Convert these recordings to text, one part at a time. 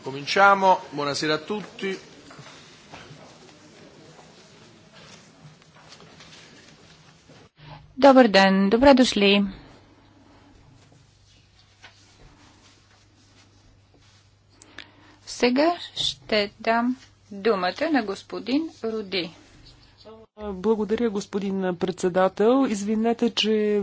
Cominciamo, buonasera a tutti. Добър ден, добре дошли. Сега ще дам думата на господин Руди. Благодаря, господин председател. Извинете, че е,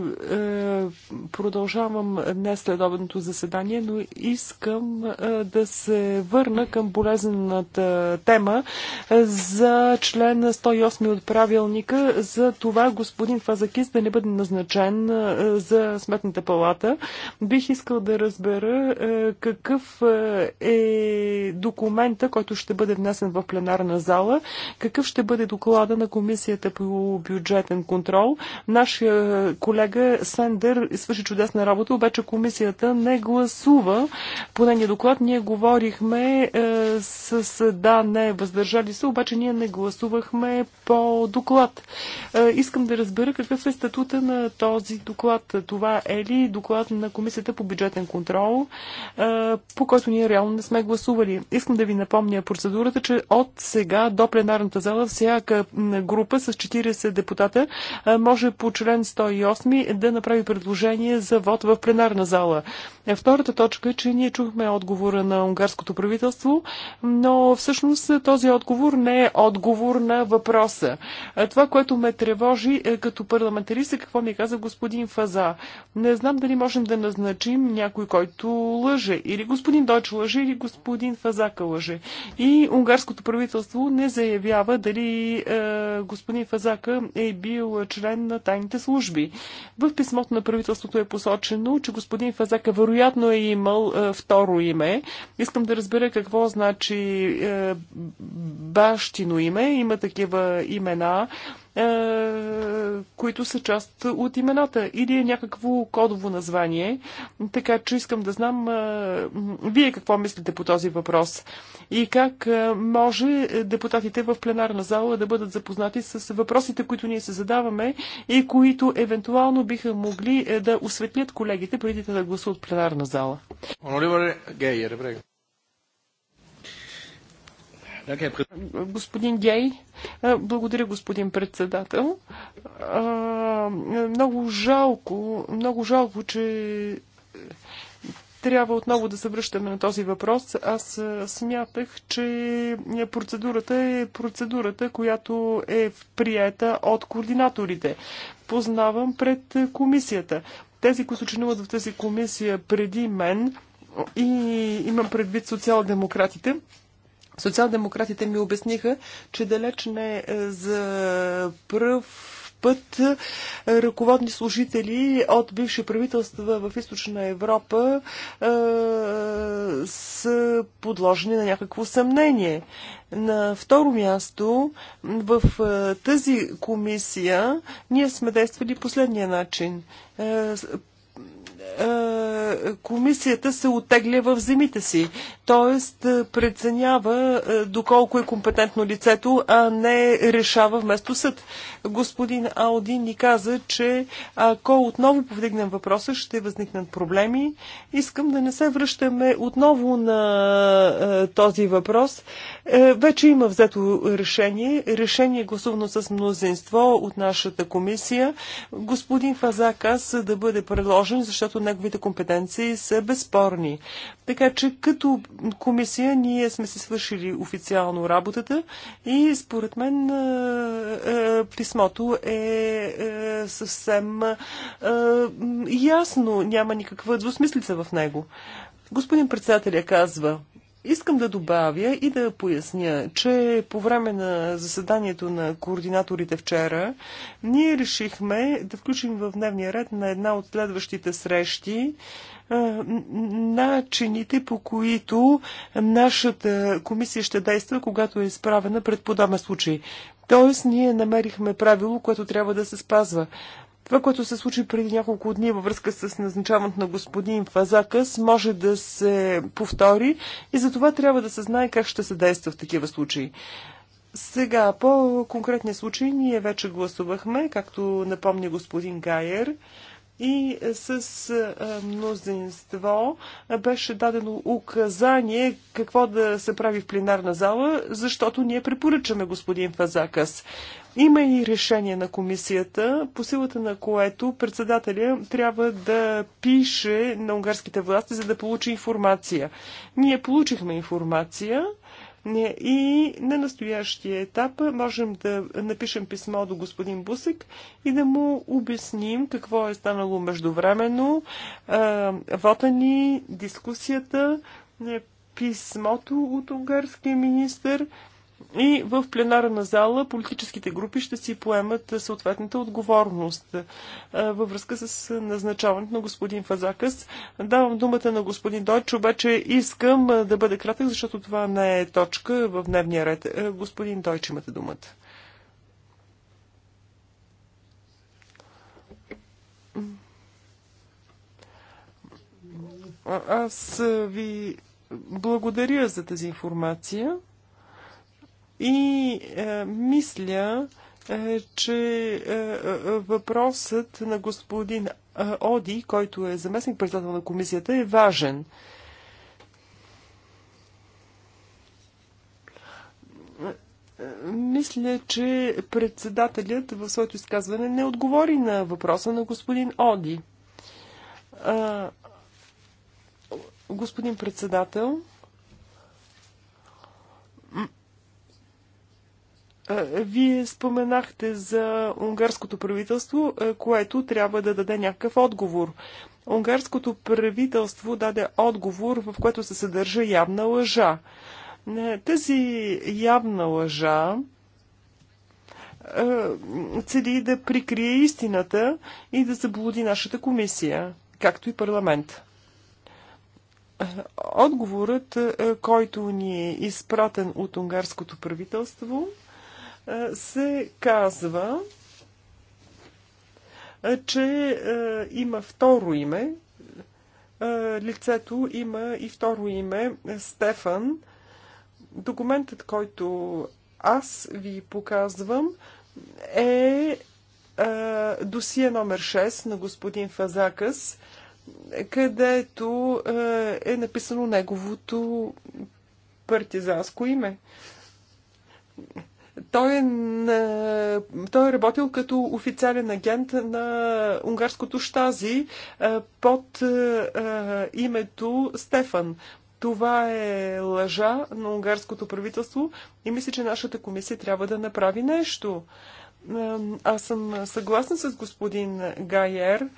продължавам днес следобедното заседание, но искам е, да се върна към болезнената тема е, за член 108 от правилника за това господин Фазакис да не бъде назначен е, за сметната палата. Бих искал да разбера е, какъв е, е документа, който ще бъде внесен в пленарна зала, какъв ще бъде доклада на комисията Комисията по бюджетен контрол. Нашия колега Сендер свърши чудесна работа, обаче Комисията не гласува по нейния доклад. Ние говорихме е, с, с да, не, въздържали се, обаче ние не гласувахме по доклад. Е, искам да разбера какъв е статута на този доклад. Това е ли доклад на Комисията по бюджетен контрол, е, по който ние реално не сме гласували. Искам да ви напомня процедурата, че от сега до пленарната зала всяка група група с 40 депутата може по член 108 да направи предложение за вод в пленарна зала. Е, втората точка е, че ние чухме отговора на унгарското правителство, но всъщност този отговор не е отговор на въпроса. Това, което ме тревожи е, като парламентарист е какво ми каза господин Фаза. Не знам дали можем да назначим някой, който лъже. Или господин Дойч лъже, или господин Фазака лъже. И унгарското правителство не заявява дали е, господин господин Фазака е бил член на тайните служби. В писмото на правителството е посочено, че господин Фазака вероятно е имал е, второ име. Искам да разбера какво значи е, бащино име. Има такива имена. Е, които са част от имената или е някакво кодово название. Така че искам да знам е, вие какво мислите по този въпрос и как е, може депутатите в пленарна зала да бъдат запознати с въпросите, които ние се задаваме и които евентуално биха могли да осветлят колегите преди да гласуват пленарна зала. Гейер, е, господин Гей, благодаря, господин председател. Много жалко, много жалко, че трябва отново да се връщаме на този въпрос. Аз смятах, че процедурата е процедурата, която е приета от координаторите. Познавам пред комисията. Тези, които членуват в тази комисия преди мен и имам предвид социал-демократите, Социал-демократите ми обясниха, че далеч не е за пръв път ръководни служители от бивши правителства в източна Европа е, са подложени на някакво съмнение. На второ място, в е, тази комисия ние сме действали последния начин. Е, е, комисията се отегля в земите си, т.е. преценява е, доколко е компетентно лицето, а не решава вместо съд. Господин Ауди ни каза, че ако отново повдигнем въпроса, ще възникнат проблеми. Искам да не се връщаме отново на е, този въпрос. Вече има взето решение. Решение е гласувано с мнозинство от нашата комисия. Господин Фазакас да бъде предложен, защото защото неговите компетенции са безспорни. Така че като комисия ние сме се свършили официално работата и според мен писмото е съвсем ясно, няма никаква двусмислица в него. Господин председателя казва, Искам да добавя и да поясня, че по време на заседанието на координаторите вчера ние решихме да включим в дневния ред на една от следващите срещи е, начините по които нашата комисия ще действа, когато е изправена пред подобен случай. Тоест, ние намерихме правило, което трябва да се спазва. Това, което се случи преди няколко дни във връзка с назначаването на господин Фазакъс, може да се повтори и за това трябва да се знае как ще се действа в такива случаи. Сега, по конкретния случай, ние вече гласувахме, както напомня господин Гайер и с мнозинство беше дадено указание какво да се прави в пленарна зала, защото ние препоръчаме господин Фазакас. Има и решение на комисията, по силата на което председателя трябва да пише на унгарските власти, за да получи информация. Ние получихме информация и на настоящия етап можем да напишем писмо до господин Бусек и да му обясним какво е станало междувременно, вота ни, дискусията, е, писмото от унгарския министр, и в пленарна зала политическите групи ще си поемат съответната отговорност във връзка с назначаването на господин Фазакас. Давам думата на господин Дойч, обаче искам да бъде кратък, защото това не е точка в дневния ред. Господин Дойч, имате думата. Аз ви благодаря за тази информация. И е, мисля, е, че е, е въпросът на господин е, Оди, който е заместник председател на комисията, е важен. Мисля, че председателят в своето изказване не отговори на въпроса на господин Оди. Господин председател, Вие споменахте за унгарското правителство, което трябва да даде някакъв отговор. Унгарското правителство даде отговор, в което се съдържа явна лъжа. Тази явна лъжа цели да прикрие истината и да заблуди нашата комисия, както и парламент. Отговорът, който ни е изпратен от унгарското правителство, се казва, че има второ име. Лицето има и второ име Стефан. Документът, който аз ви показвам, е досие номер 6 на господин Фазакас, където е написано неговото партизанско име. Той е, на... Той е работил като официален агент на унгарското Штази е, под е, е, името Стефан. Това е лъжа на унгарското правителство и мисля, че нашата комисия трябва да направи нещо. Аз съм съгласна с господин Гайер.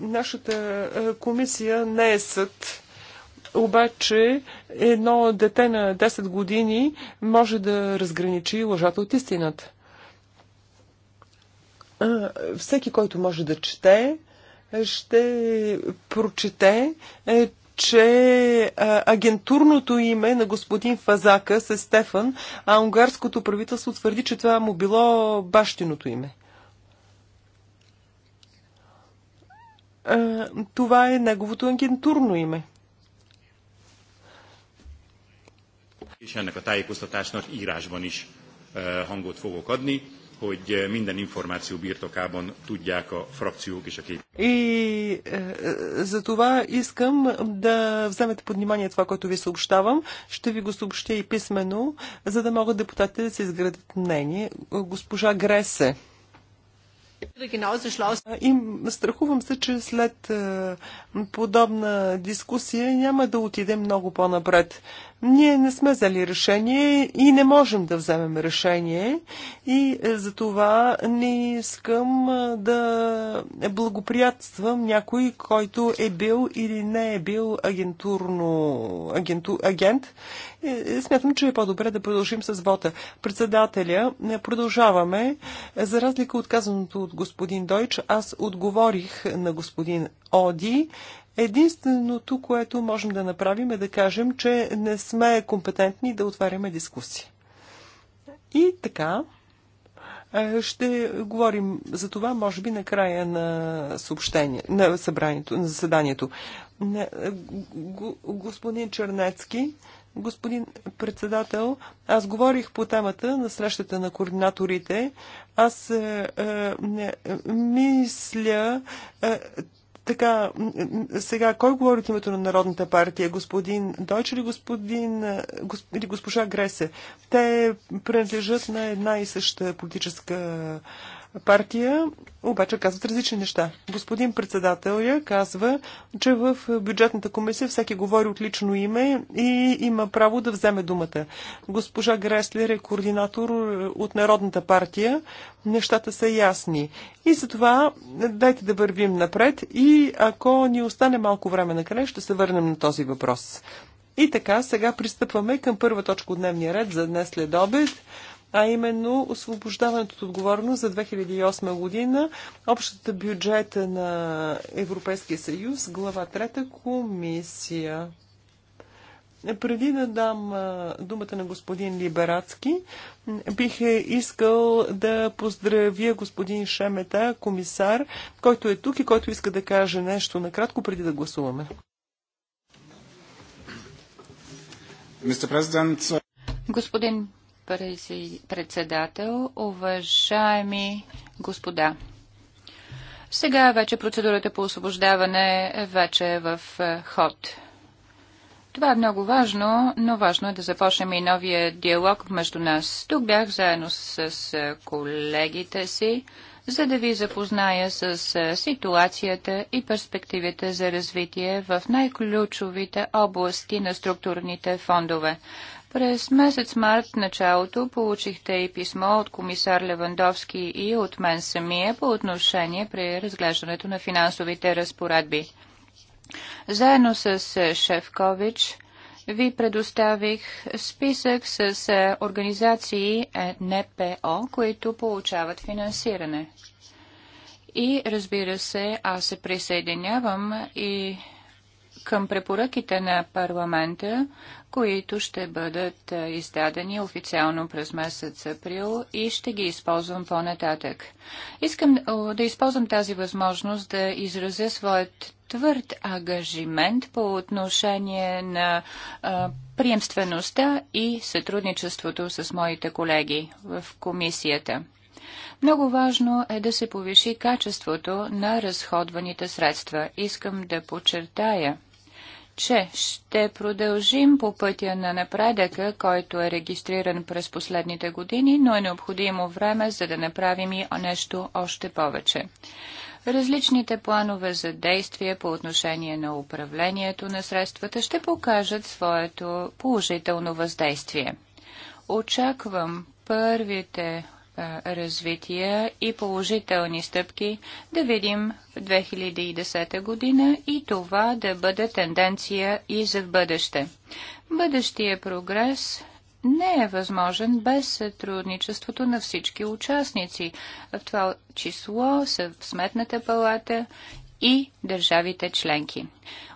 Нашата комисия не е съд. Обаче едно дете на 10 години може да разграничи лъжата от истината. Всеки, който може да чете, ще прочете, е, че агентурното име на господин Фазака се Стефан, а унгарското правителство твърди, че това му било бащиното име. това е неговото агентурно име. és ennek a tájékoztatásnak írásban is hangot fogok adni, hogy minden információ birtokában tudják a frakciók és a шаки. И е, е, за това искам да вземете под внимание това, което ви съобщавам. Ще ви го съобщя и писменно, за да могат депутатите да се изградят мнение. Госпожа Гресе. И страхувам се, че след е, подобна дискусия няма да отиде много по-напред. Ние не сме взели решение и не можем да вземем решение и е, за това не искам е, да благоприятствам някой, който е бил или не е бил агентурно агенту, агент. Е, смятам, че е по-добре да продължим с вота. Председателя, продължаваме. За разлика от казаното от господин Дойч, аз отговорих на господин Оди. Единственото, което можем да направим е да кажем, че не сме компетентни да отваряме дискусия. И така, е, ще говорим за това, може би, на края на съобщение, на събранието, на заседанието. Е, господин Чернецки, господин председател, аз говорих по темата на срещата на координаторите. Аз е, е, мисля, е, така, сега, кой говори от името на Народната партия? Господин Дойч или господин, госп, или госпожа Гресе? Те принадлежат на една и съща политическа партия, обаче казват различни неща. Господин председател, я казва, че в бюджетната комисия всеки говори от лично име и има право да вземе думата. Госпожа Греслер е координатор е, от Народната партия. Нещата са ясни. И затова дайте да вървим напред и ако ни остане малко време на край, ще се върнем на този въпрос. И така, сега пристъпваме към първа точка от дневния ред за днес след обед а именно освобождаването от отговорност за 2008 година, общата бюджета на Европейския съюз, глава 3 комисия. Преди да дам думата на господин Либерацки, бих е искал да поздравя господин Шемета, комисар, който е тук и който иска да каже нещо накратко преди да гласуваме. Господин председател, уважаеми господа. Сега вече процедурата по освобождаване е вече е в е, ход. Това е много важно, но важно е да започнем и новия диалог между нас. Тук бях заедно с е, колегите си, за да ви запозная с е, ситуацията и перспективите за развитие в най-ключовите области на структурните фондове. През месец март началото получихте и писмо от комисар Левандовски и от мен самия по отношение при разглеждането на финансовите разпоредби. Заедно с е, Шефкович ви предоставих списък с е, организации е, НПО, които получават финансиране. И разбира се, аз се присъединявам и към препоръките на парламента, които ще бъдат е, издадени официално през месец април и ще ги използвам по-нататък. Искам да използвам тази възможност да изразя своят твърд агажимент по отношение на а, приемствеността и сътрудничеството с моите колеги в комисията. Много важно е да се повиши качеството на разходваните средства. Искам да подчертая – че ще продължим по пътя на напредъка, който е регистриран през последните години, но е необходимо време, за да направим и нещо още повече. Различните планове за действие по отношение на управлението на средствата ще покажат своето положително въздействие. Очаквам първите развитие и положителни стъпки да видим в 2010 година и това да бъде тенденция и за в бъдеще. Бъдещия прогрес не е възможен без сътрудничеството на всички участници, в това число са в Сметната палата и държавите членки.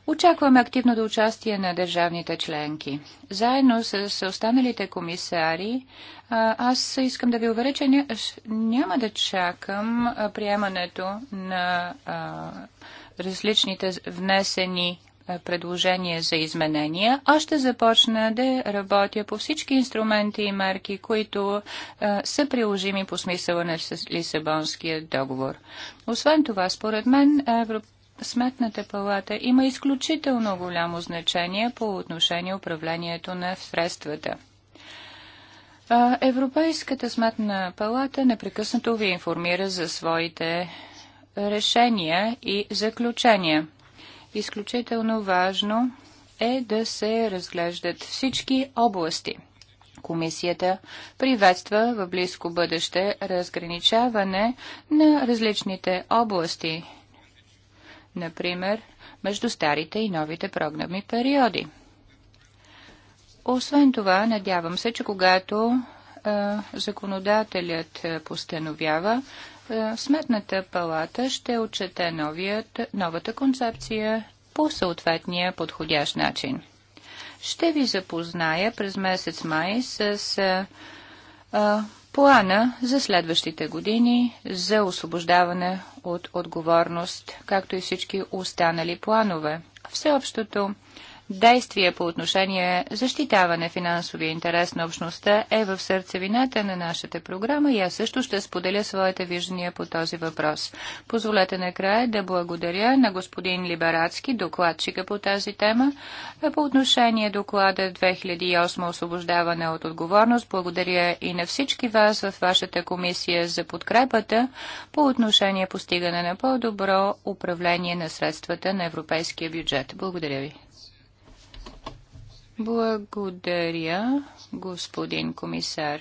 Очакваме активното участие на държавните членки. Заедно с останалите комисари, аз искам да ви уверя, че няма да чакам приемането на различните внесени е, предложения за изменения, аз ще започна да работя по всички инструменти и мерки, които а, е, са приложими по смисъла на Лисабонския договор. Освен това, според мен, Европ... Сметната палата има изключително голямо значение по отношение управлението на средствата. Е, Европейската сметна палата непрекъснато ви информира за своите решения и заключения изключително важно е да се разглеждат всички области. Комисията приветства в близко бъдеще разграничаване на различните области, например между старите и новите програмни периоди. Освен това, надявам се, че когато законодателят постановява, е, Сметната палата ще отчете новият, новата концепция по съответния подходящ начин. Ще ви запозная през месец май с а, е, е, плана за следващите години за освобождаване от отговорност, както и всички останали планове. Всеобщото действия по отношение защитаване финансовия интерес на общността е в сърцевината на нашата програма и аз също ще споделя своите виждания по този въпрос. Позволете накрая да благодаря на господин Либарацки, докладчика по тази тема, по отношение доклада 2008 освобождаване от отговорност. Благодаря и на всички вас в вашата комисия за подкрепата по отношение постигане на по-добро управление на средствата на европейския бюджет. Благодаря ви. Благодаря, господин комисар.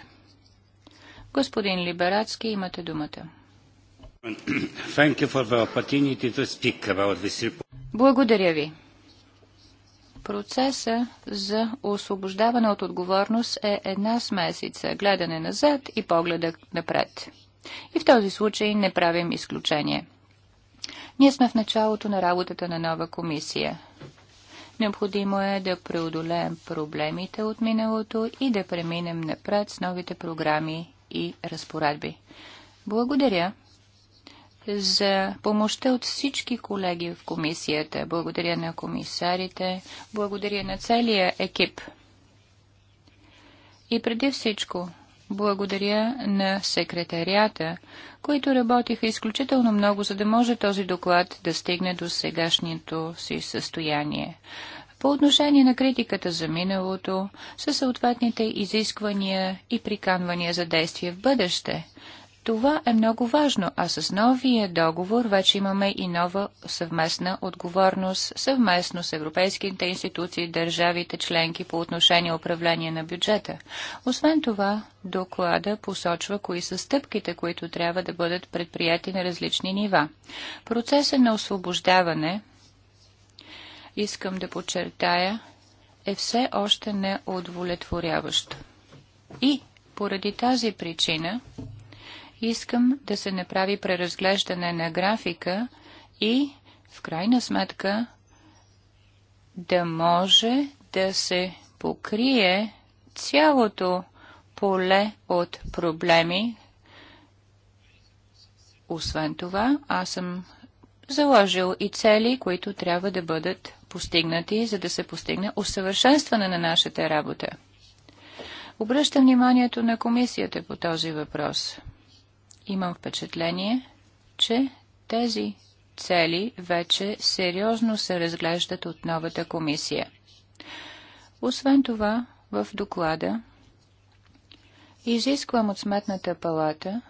Господин Либерацки, имате думата. Благодаря ви. Процеса за освобождаване от отговорност е една смесица гледане назад и погледа напред. И в този случай не правим изключение. Ние сме в началото на работата на нова комисия. Необходимо е да преодолеем проблемите от миналото и да преминем напред с новите програми и разпоредби. Благодаря за помощта от всички колеги в комисията. Благодаря на комисарите, благодаря на целия екип. И преди всичко, благодаря на секретарията, които работиха изключително много, за да може този доклад да стигне до сегашното си състояние. По отношение на критиката за миналото, със съответните изисквания и приканвания за действие в бъдеще, това е много важно, а с новия договор вече имаме и нова съвместна отговорност, съвместно с европейските институции, държавите членки по отношение управление на бюджета. Освен това, доклада посочва кои са стъпките, които трябва да бъдат предприяти на различни нива. Процесът на освобождаване, искам да подчертая, е все още неудовлетворяващ. И поради тази причина, Искам да се направи преразглеждане на графика и в крайна сметка да може да се покрие цялото поле от проблеми. Освен това, аз съм заложил и цели, които трябва да бъдат постигнати, за да се постигне усъвършенстване на нашата работа. Обръщам вниманието на комисията по този въпрос имам впечатление, че тези цели вече сериозно се разглеждат от новата комисия. Освен това, в доклада изисквам от Сметната палата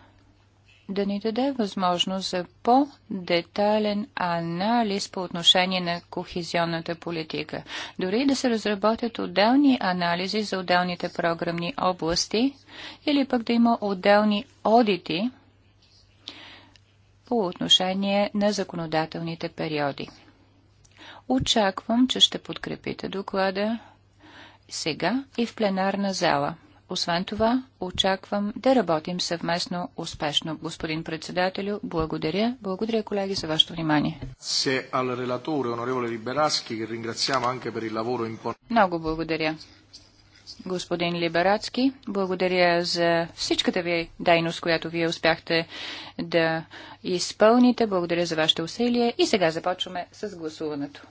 да ни даде възможност за по-детален анализ по отношение на кохезионната политика. Дори да се разработят отделни анализи за отделните програмни области или пък да има отделни одити – по отношение на законодателните периоди. Очаквам, че ще подкрепите доклада сега и в пленарна зала. Освен това, очаквам да работим съвместно успешно. Господин председателю, благодаря. Благодаря, колеги, за вашето внимание. Много благодаря господин Либерацки. Благодаря за всичката ви дейност, която вие успяхте да изпълните. Благодаря за вашето усилие И сега започваме с гласуването.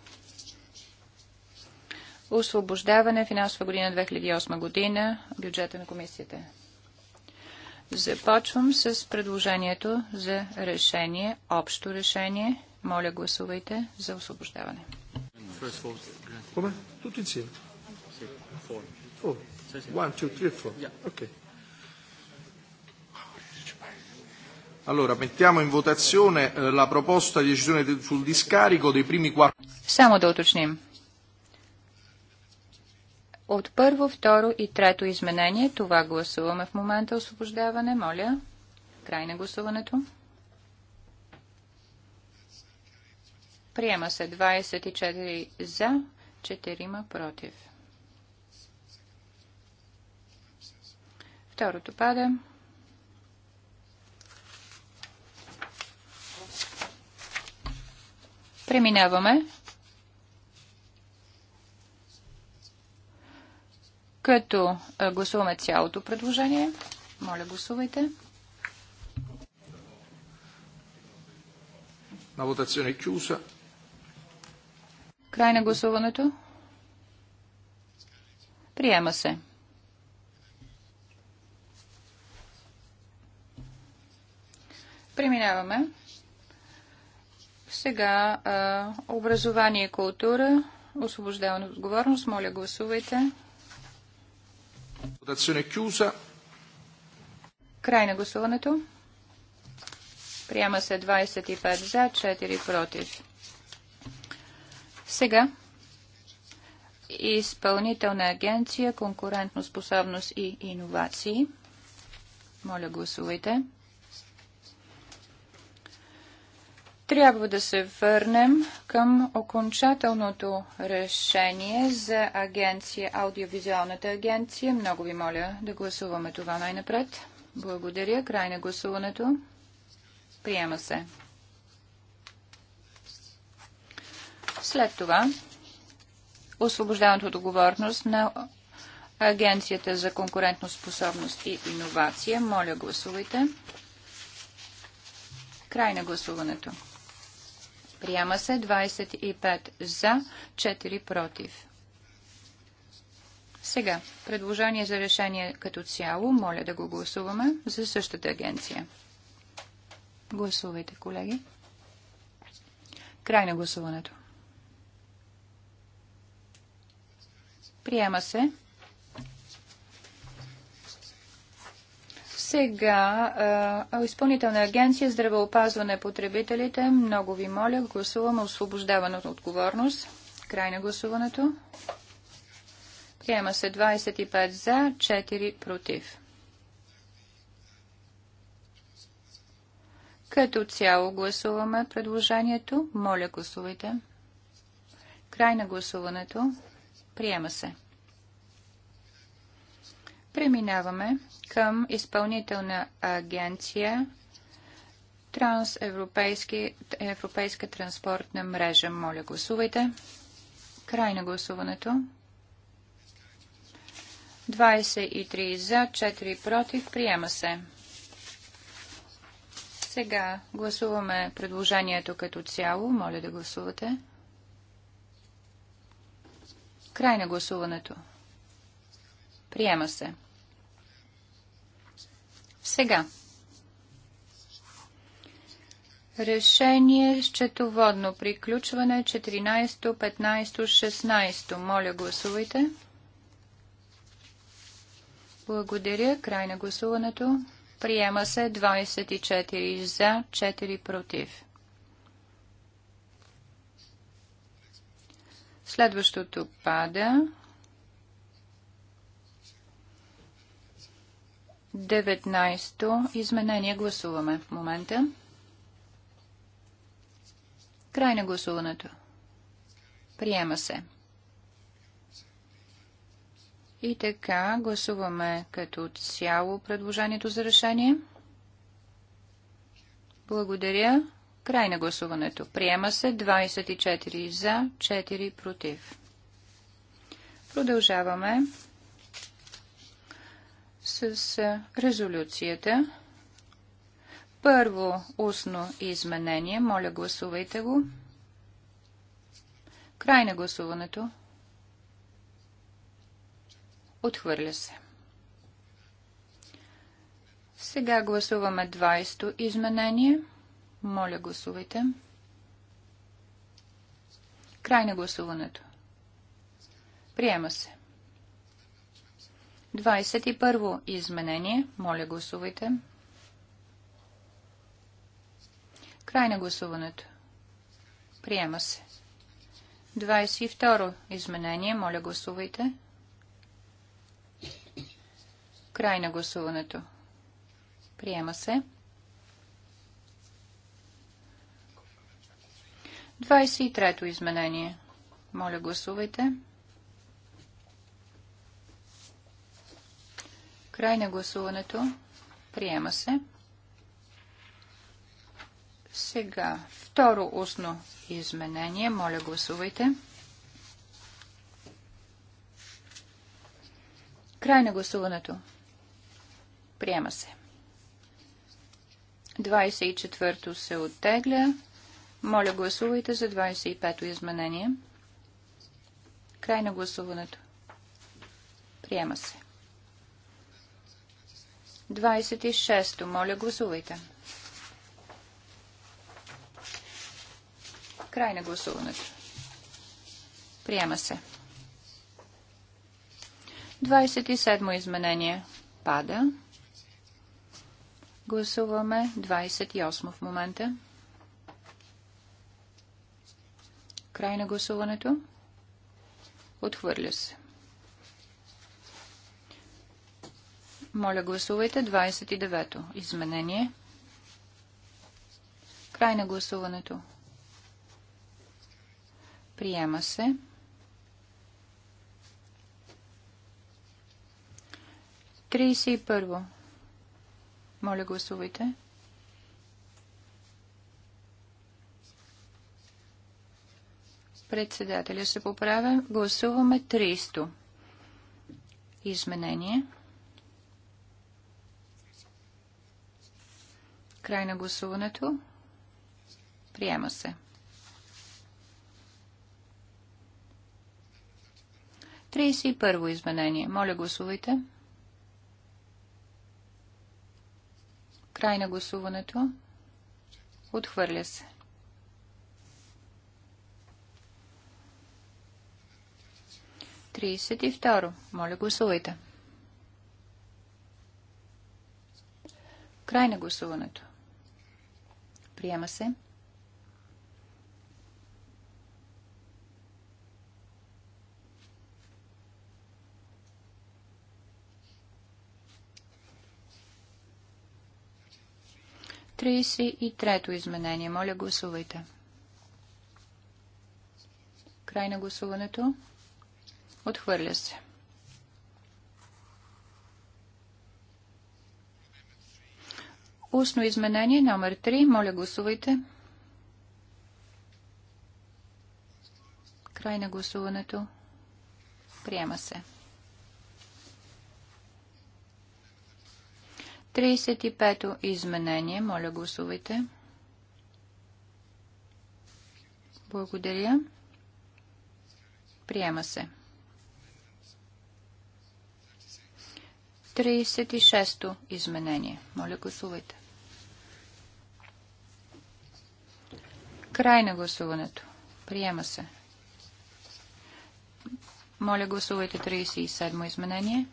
Освобождаване финансова година 2008 година, бюджета на комисията. Започвам с предложението за решение, общо решение. Моля, гласувайте за освобождаване. Come? Tutto Oh, one, two, three, four. Yeah. Okay. Allora, mettiamo in votazione eh, la proposta di decisione sul discarico dei primi quattro. Само да уточним. От първо, второ и трето изменение, това гласуваме в момента освобождаване. Моля, край на гласуването. Приема се 24 за, 4 против. Второто пада. Преминаваме като гласуваме цялото предложение. Моля, гласувайте. La votazione чуса. Край на гласуването. Приема се. Преминаваме. Сега а, образование и култура. Освобождаване от отговорност. Моля, гласувайте. Край на гласуването. Приема се 25 за, 4 против. Сега изпълнителна агенция конкурентно способност и иновации. Моля, гласувайте. трябва да се върнем към окончателното решение за агенция, аудиовизуалната агенция. Много ви моля да гласуваме това най-напред. Благодаря. Край на гласуването. Приема се. След това освобождаването от отговорност на Агенцията за способност и иновация. Моля, гласувайте. Край на гласуването. Приема се 25 за, 4 против. Сега, предложение за решение като цяло, моля да го гласуваме за същата агенция. Гласувайте, колеги. Край на гласуването. Приема се Сега, изпълнителна агенция здравеопазване потребителите, много ви моля, гласуваме освобождаване от отговорност. Край на гласуването. Приема се 25 за, 4 против. Като цяло гласуваме предложението. Моля, гласувайте. Край на гласуването. Приема се. Преминаваме към изпълнителна агенция Трансевропейска транспортна мрежа. Моля, гласувайте. Край на гласуването. 23 за, 4 против. Приема се. Сега гласуваме предложението като цяло. Моля да гласувате. Край на гласуването. 23 Приема се. Сега. Решение счетоводно. Приключване 14, 15, 16. Моля, гласувайте. Благодаря. Край на гласуването. Приема се 24 за, 4 против. Следващото пада. 19-то изменение гласуваме в момента. Край на гласуването. Приема се. И така, гласуваме като цяло предложението за решение. Благодаря. Край на гласуването. Приема се 24 за, 4 против. Продължаваме с резолюцията. Първо устно изменение. Моля, гласувайте го. Край на гласуването. Отхвърля се. Сега гласуваме 20-то изменение. Моля, гласувайте. Край на гласуването. Приема се. 21 изменение. Моля, гласувайте. Край на гласуването. Приема се. 22 изменение. Моля, гласувайте. Край на гласуването. Приема се. 23 изменение. Моля, гласувайте. Край на гласуването. Приема се. Сега, второ устно изменение. Моля, гласувайте. Край на гласуването. Приема се. 24-то се оттегля. Моля, гласувайте за 25-то изменение. Край на гласуването. Приема се. 26. Моля, гласувайте. Край на гласуването. Приема се. 27 изменение пада. Гласуваме 28 в момента. Край на гласуването. Отхвърля се. Моля, гласувайте 29-то изменение. Край на гласуването. Приема се. Тридесет и първо. Моля, гласувайте. Председателя се поправя. Гласуваме 300. Изменение. Край на гласуването. Приема се. 31 изменение. Моля, гласувайте. Край на гласуването. Отхвърля се. Тридесет и второ. Моля, гласувайте. Край на гласуването. Приема се. Тридесет и трето изменение. Моля, гласувайте. Край на гласуването. Отхвърля се. Устно изменение номер 3. Моля, гласувайте. Край на гласуването. Приема се. 35-то изменение. Моля, гласувайте. Благодаря. Приема се. 36-то изменение. Моля, гласувайте. Край на гласуването. Приема се. Моля, гласувайте 37 изменение.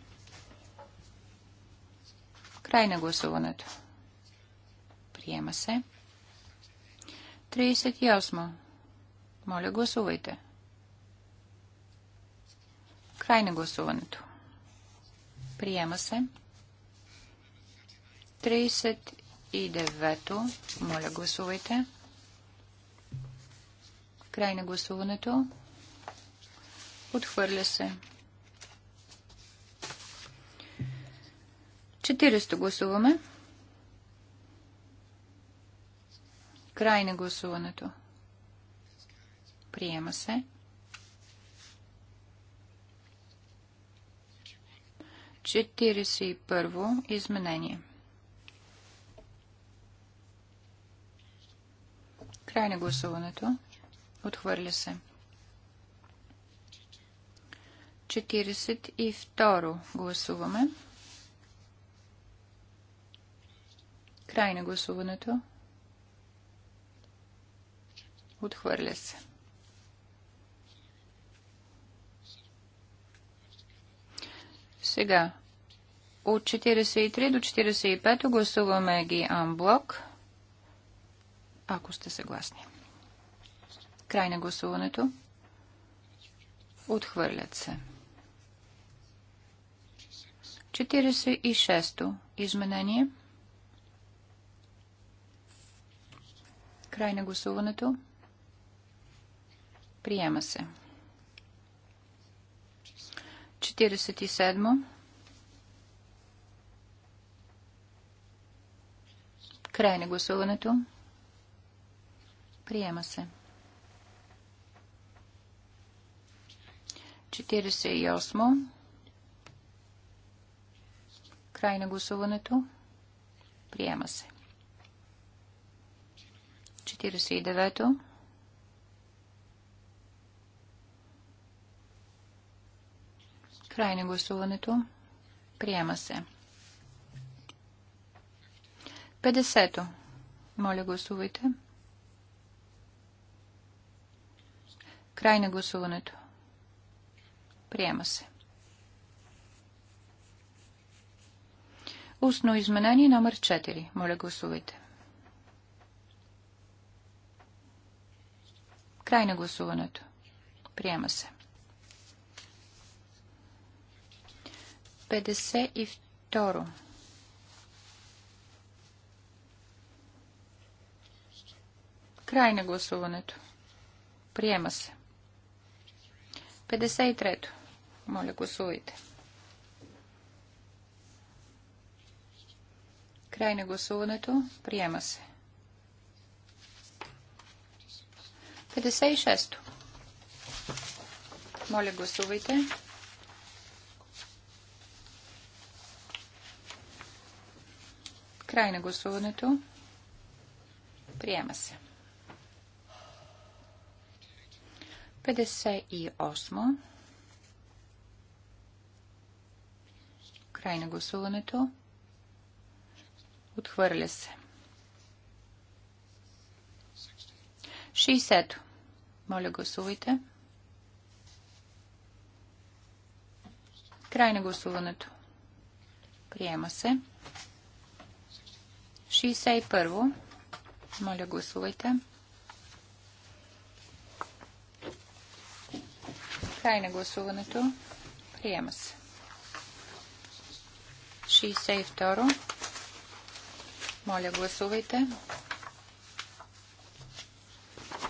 Край на гласуването. Приема се. 38. Моля, гласувайте. Край на гласуването. Приема се. 39. Моля, гласувайте. Край на гласуването. Отхвърля се. 40 гласуваме. Край на гласуването. Приема се. 41 изменение. Край на гласуването. Отхвърля се. 42. Гласуваме. Край на гласуването. Отхвърля се. Сега, от 43 до 45 гласуваме ги анблок, ако сте съгласни. Край на гласуването. Отхвърлят се. 46-то изменение. Край на гласуването. Приема се. 47. Край на гласуването. Приема се. 48. Край на гласуването. Приема се. 49. Край на гласуването. Приема се. 50. Моля, гласувайте. Край на гласуването. Приема се. Устно изменение номер 4. Моля гласувайте. Край на гласуването. Приема се. 52. Край на гласуването. Приема се. 53. Моля, гласувайте. Край на гласуването. Приема се. 56-то. Моля, гласувайте. Край на гласуването. Приема се. 58. Край на гласуването. Отхвърля се. 60. Моля, гласувайте. Край на гласуването. Приема се. 61. Моля, гласувайте. Край на гласуването. Приема се. 62. Моля, гласувайте.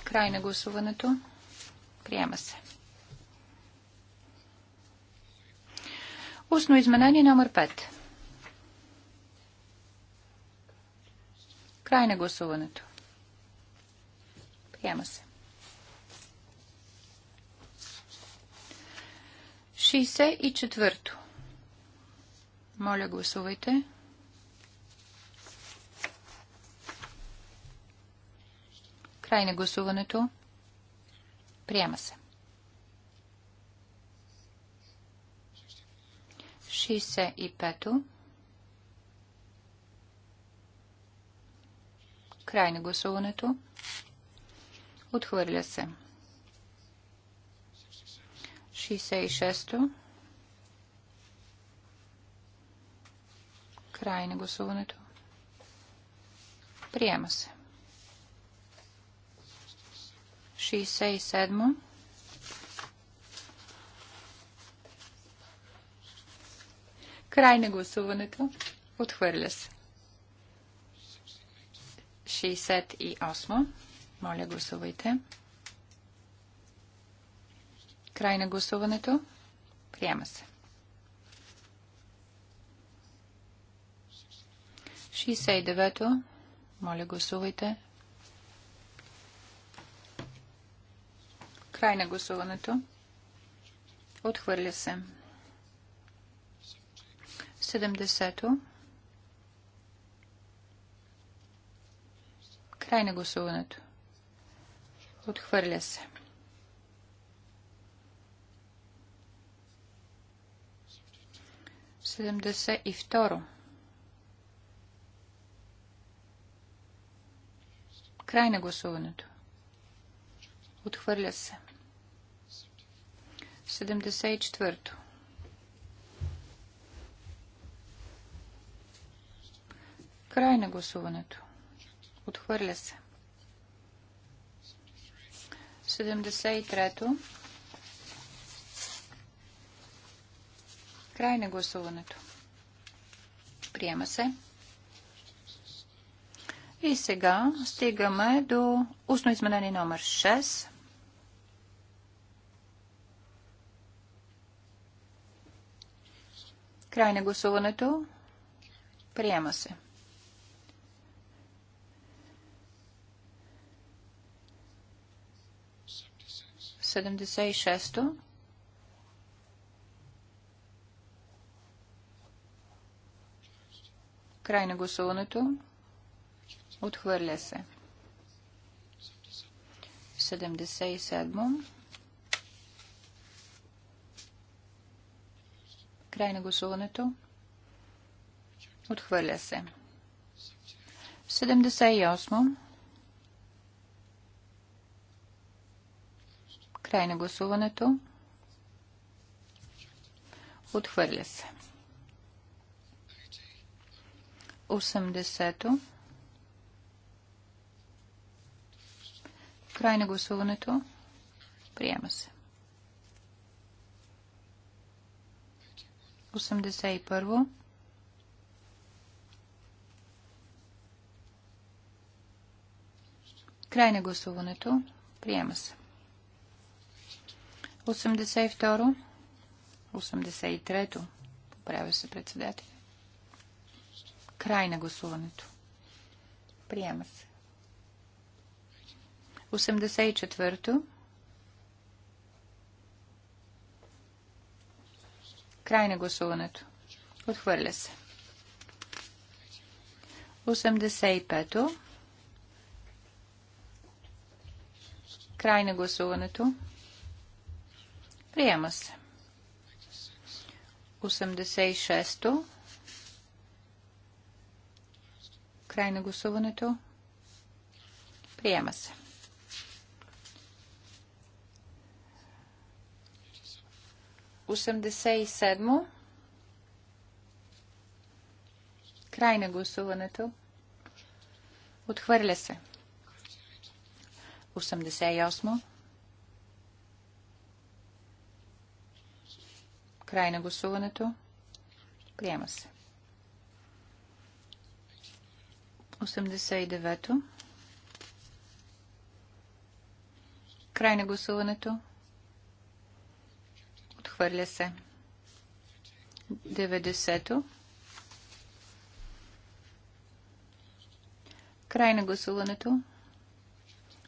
Край на гласуването. Приема се. Устно изменение номер 5. Край на гласуването. Приема се. 64 моля, гласувайте. Край на гласуването. Приема се. 65-то. Край на гласуването. Отхвърля се. 66-то. Край на гласуването. Приема се. 67. Край на гласуването. Отхвърля се. 68. Моля, гласувайте. Край на гласуването. Приема се. 69. 69-то. Моля, гласувайте. Край на гласуването. Отхвърля се. 70-то. Край на гласуването. Отхвърля се. 72. Край на гласуването. Отхвърля се. 74-то. Край на гласуването. Отхвърля се. 73-то. Край на гласуването. Приема се. И сега стигаме до устно изменение номер 6. Край на гласуването. Приема се. Седемдесет и шесто. Край на гласуването. Отхвърля се. 77. Край на гласуването. Отхвърля се. 78. Край на гласуването. Отхвърля се. 80. Край на гласуването. Приема се. 81. Край на гласуването. Приема се. 82. 83. Поправя се председателя. Край на гласуването. Приема се. 84-то. Край на гласуването. Отхвърля се. 85-то. Край на гласуването. Приема се. 86-то. Край на гласуването. Приема се. 87. Край на гласуването. Отхвърля се. 88. Край на гласуването. Приема се. 89. Край на гласуването. Отхвърля се. 90-то. Край на гласуването.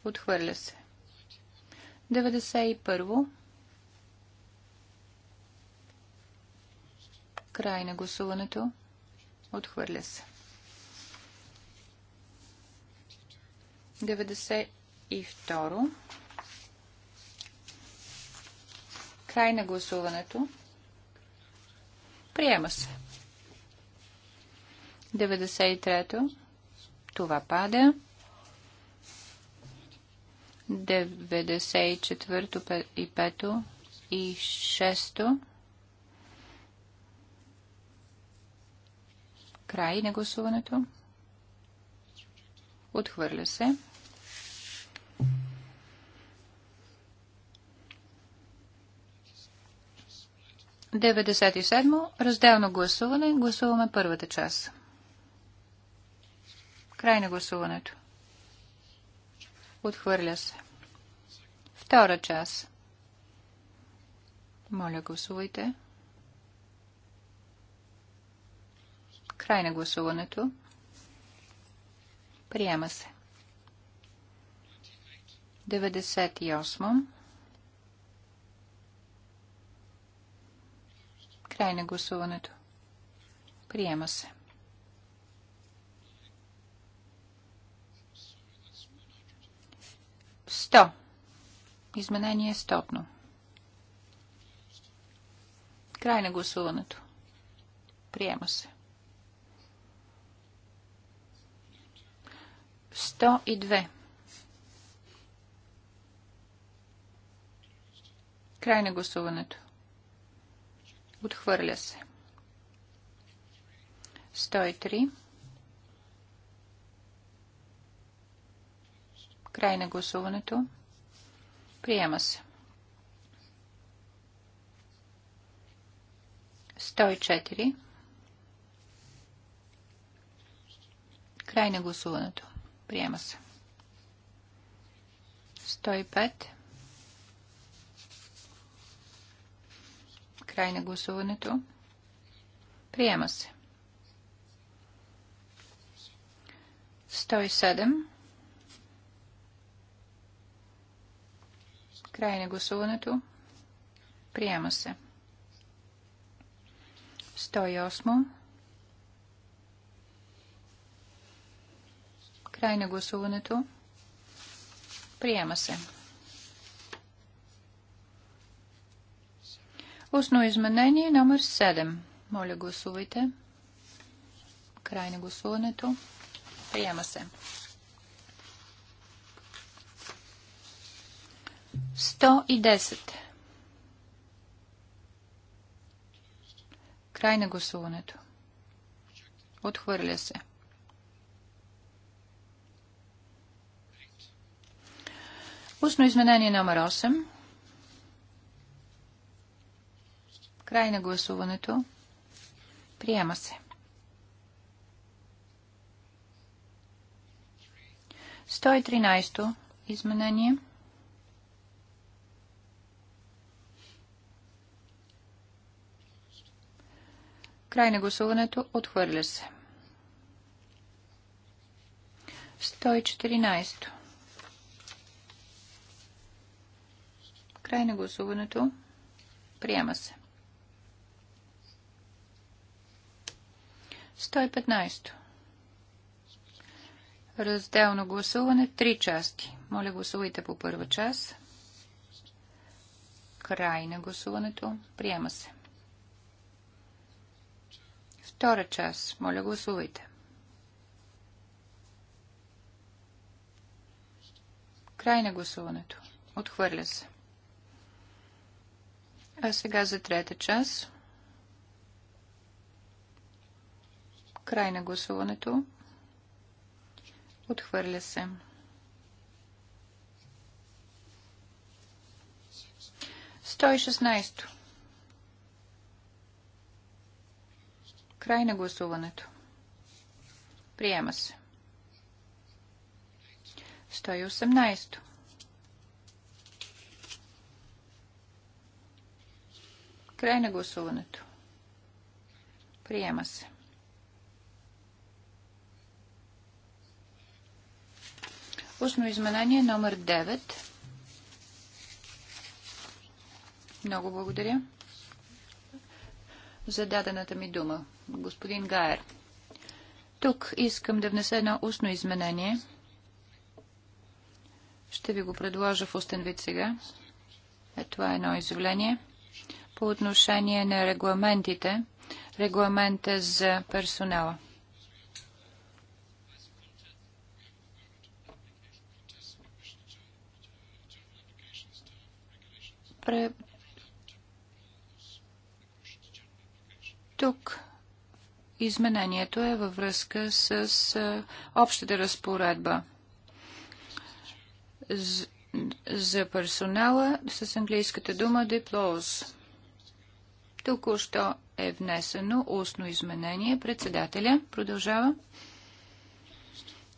Отхвърля се. 91-во. Край на гласуването. Отхвърля се. 92-ро. Край на гласуването. Приема се. 93-то. Това пада. 94-то и 5-то и 6-то. Край на гласуването. Отхвърля се. 97. Разделно гласуване. Гласуваме първата част. Край на гласуването. Отхвърля се. Втора част. Моля, гласувайте. Край на гласуването. Приема се. 98. Край на гласуването. Приема се. Сто. Изменение стотно. Край на гласуването. Приема се. и две. Край на гласуването. Отхвърля се. 103. Край на гласуването. Приема се. 104. Край на гласуването. Приема се. 105. Край на гласуването. Приема се. 107. Край на гласуването. Приема се. 108. Край на гласуването. Приема се. Устно изменение номер 7. Моля, гласувайте. Край на гласуването. Приема се. 110. Край на гласуването. Отхвърля се. Устно изменение номер 8. Край на гласуването. Приема се. 113 то изменение. Край на гласуването. Отхвърля се. 114. то Край на гласуването. Приема се. 115. Разделно гласуване, три части. Моля, гласувайте по първа част. Край на гласуването. Приема се. Втора част. Моля, гласувайте. Край на гласуването. Отхвърля се. А сега за трета част. Край на гласуването. Отхвърля се. Сто и шестнайсто. Край на гласуването. Приема се. 118. Край на гласуването. Приема се. Устно изменение номер 9. Много благодаря за дадената ми дума. Господин Гайер, тук искам да внеса едно устно изменение. Ще ви го предложа в устен вид сега. Е, това е едно изявление. По отношение на регламентите, регламента за персонала – Пре... Тук изменението е във връзка с общата разпоредба за персонала с английската дума диплоз. тук що е внесено устно изменение. Председателя продължава.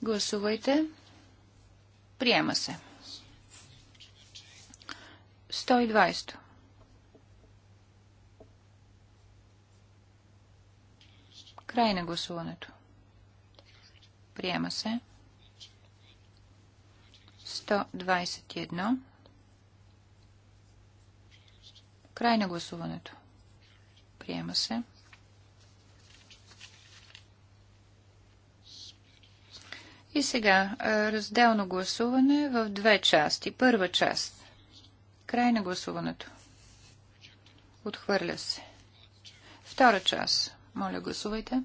Гласувайте. Приема се. 120. Край на гласуването. Приема се. 121. Край на гласуването. Приема се. И сега разделно гласуване в две части. Първа част Край на гласуването. Отхвърля се. Втора част. Моля, гласувайте.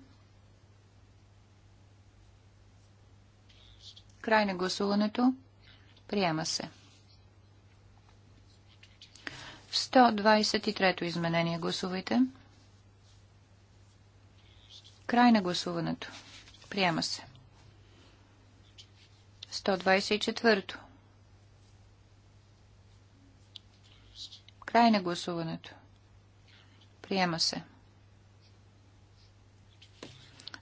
Край на гласуването. Приема се. 123-то изменение гласувайте. Край на гласуването. Приема се. 124-то. Край на гласуването. Приема се.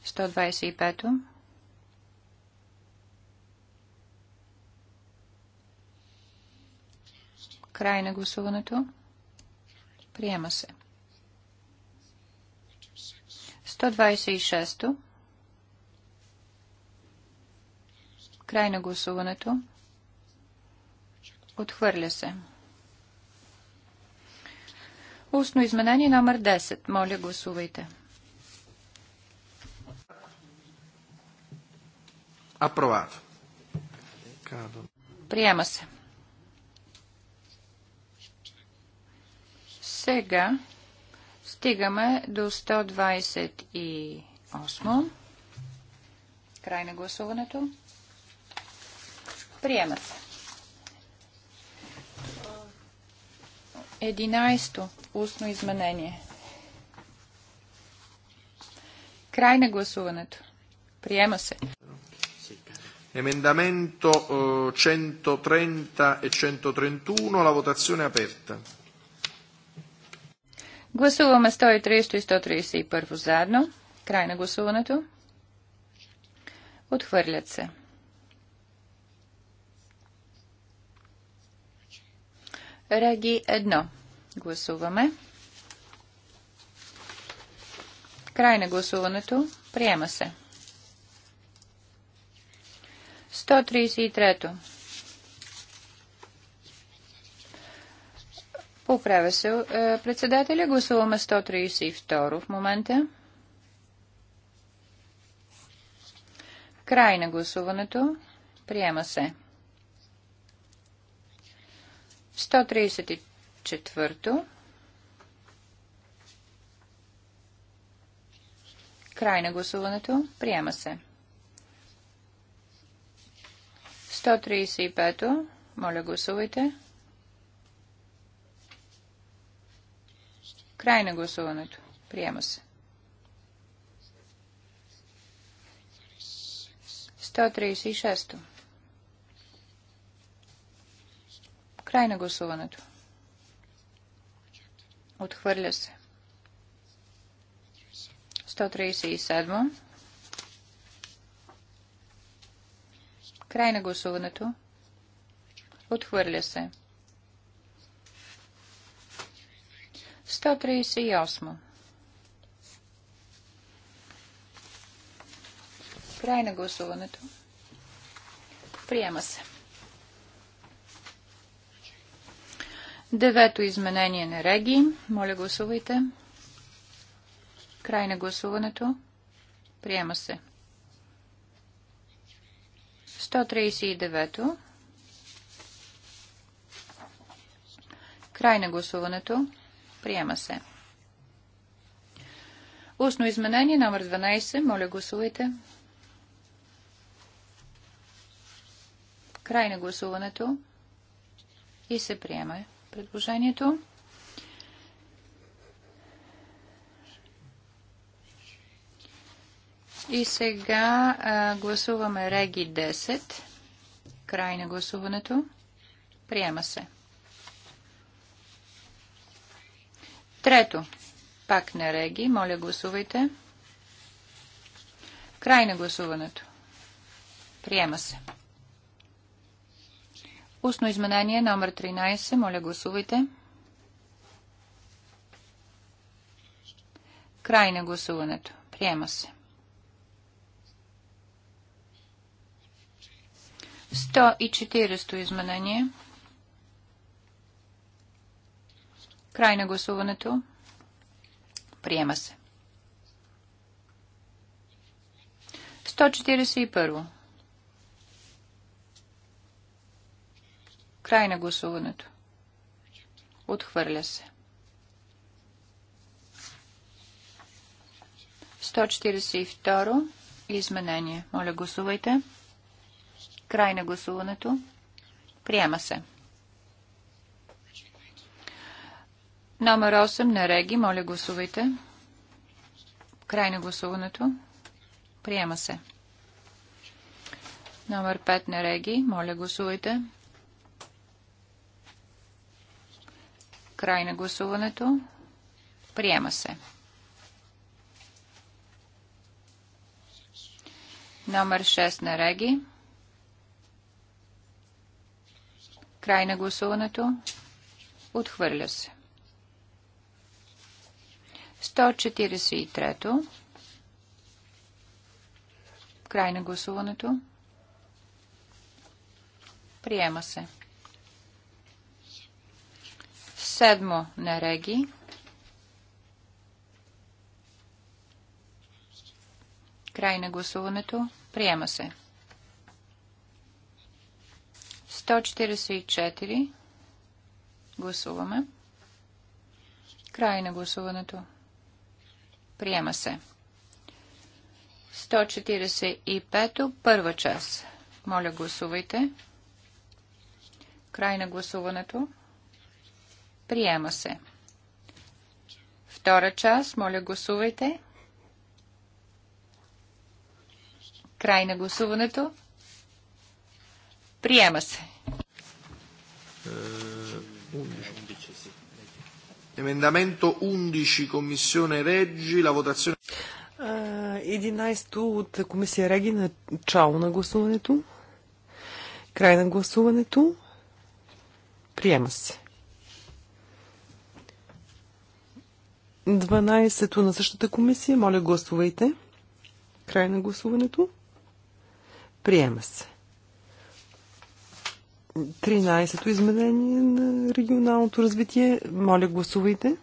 125-то. Край на гласуването. Приема се. 126-то. Край на гласуването. Отхвърля се. Устно изменение номер 10. Моля, гласувайте. Апровато. Приема се. Сега стигаме до 128. Край на гласуването. Приема се. 11. Устно изменение. Край на гласуването. Приема се. Емендаменто 130 e 131, la votazione è aperta. Гласуваме 130 и 131 заедно. Край на гласуването. Отхвърлят се. Реги 1. Гласуваме. Край на гласуването. Приема се. 133. Поправя се е, председателя. Гласуваме 132 в момента. Край на гласуването. Приема се. 134. Край на гласуването. Приема се. 135. то Моля, гласувайте. Край на гласуването. Приема се. 136. Край на гласуването. Отхвърля се. 137. Край на гласуването. Отхвърля се. 138. Край на гласуването. Приема се. Девето изменение на Реги. Моля гласувайте. Край на гласуването. Приема се. 139. Край на гласуването. Приема се. Устно изменение номер 12. Моля гласувайте. Край на гласуването. И се приема предложението. И сега а, гласуваме Реги 10. Край на гласуването. Приема се. Трето. Пак на Реги. Моля, гласувайте. Край на гласуването. Приема се. Устно изменение номер 13. Моля, гласувайте. Край на гласуването. Приема се. 140 изменение. Край на гласуването. Приема се. 141. Край на гласуването. Отхвърля се. 142 изменение. Моля, гласувайте. Край на гласуването. Приема се. Номер 8 на Реги. Моля, гласувайте. Край на гласуването. Приема се. Номер 5 на Реги. Моля, гласувайте. Край на гласуването. Приема се. Номер 6 на Реги. Край на гласуването. Отхвърля се. 143. Край на гласуването. Приема се. Седмо на Реги. Край на гласуването. Приема се. 144. Гласуваме. Край на гласуването. Приема се. 145. Първа част. Моля, гласувайте. Край на гласуването. Приема се. Втора част. Моля, гласувайте. Край на гласуването. Приема се. Е, Емендаменто 11, комисионе Реджи, ла votazione... 11 е, от комисия Реги, начало на гласуването. Край на гласуването. Приема се. 12-то на същата комисия. Моля, гласувайте. Край на гласуването. Приема се. 13-то изменение на регионалното развитие. Моля, гласувайте.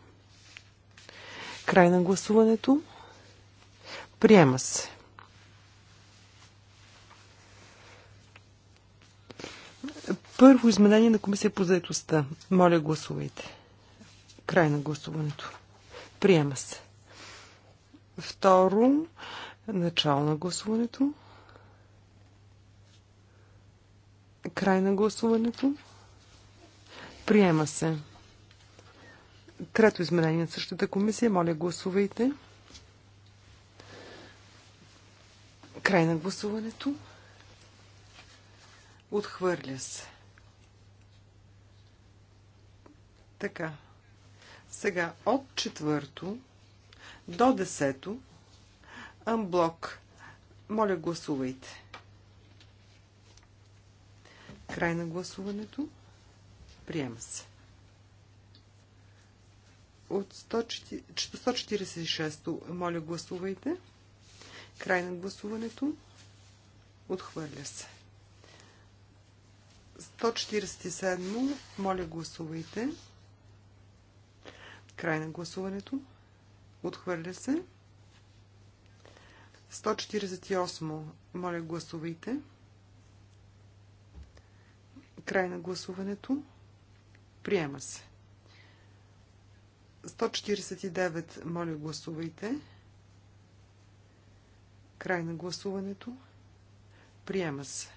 Край на гласуването. Приема се. Първо изменение на комисия по заедостта. Моля, гласувайте. Край на гласуването. Приема се. Второ, начало на гласуването. Край на гласуването. Приема се. Трето изменение на същата комисия. Моля, гласувайте. Край на гласуването. Отхвърля се. Така. Сега от четвърто до десето Амблок. Моля, гласувайте. Край на гласуването. Приема се. От 146 моля, гласувайте. Край на гласуването. Отхвърля се. 147 моля, гласувайте. Край на гласуването. Отхвърля се. 148. Моля, гласувайте. Край на гласуването. Приема се. 149. Моля, гласувайте. Край на гласуването. Приема се.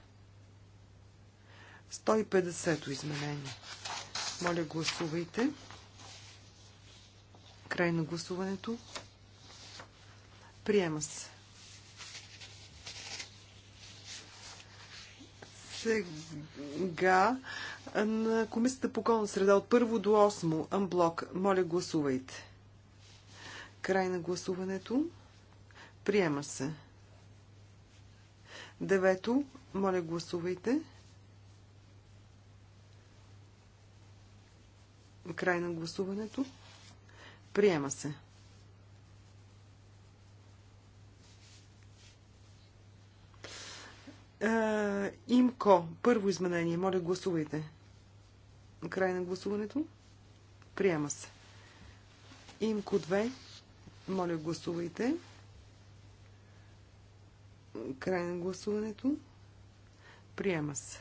150 изменение. Моля, гласувайте. Гласувайте. Край на гласуването. Приема се. Сега на Комисията по околна среда от първо до 8 амблок. Моля, гласувайте. Край на гласуването. Приема се. Девето. Моля, гласувайте. Край на гласуването. Приема се. Е, имко. Първо изменение. Моля, гласувайте. Край на гласуването. Приема се. Имко 2. Моля, гласувайте. Край на гласуването. Приема се.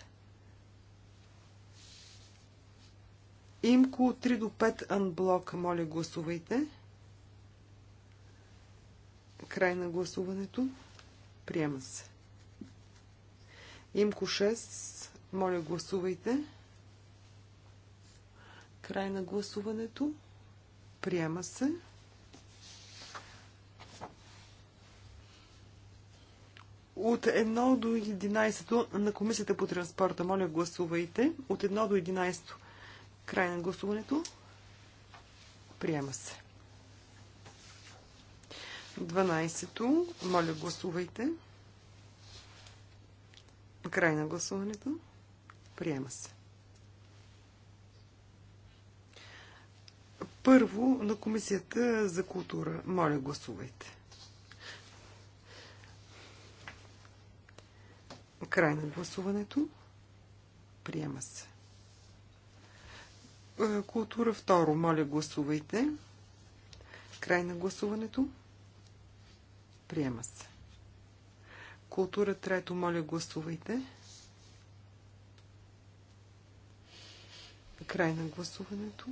Имко 3 до 5 анблок. Моля, гласувайте. Край на гласуването. Приема се. Имко 6. Моля, гласувайте. Край на гласуването. Приема се. От 1 до 11 на Комисията по транспорта, моля гласувайте. От 1 до 11 Край на гласуването. Приема се. 12-то. Моля, гласувайте. Край на гласуването. Приема се. Първо на Комисията за култура. Моля, гласувайте. Край на гласуването. Приема се. Култура второ. Моля, гласувайте. Край на гласуването. Приема се. Култура трето. Моля, гласувайте. Край на гласуването.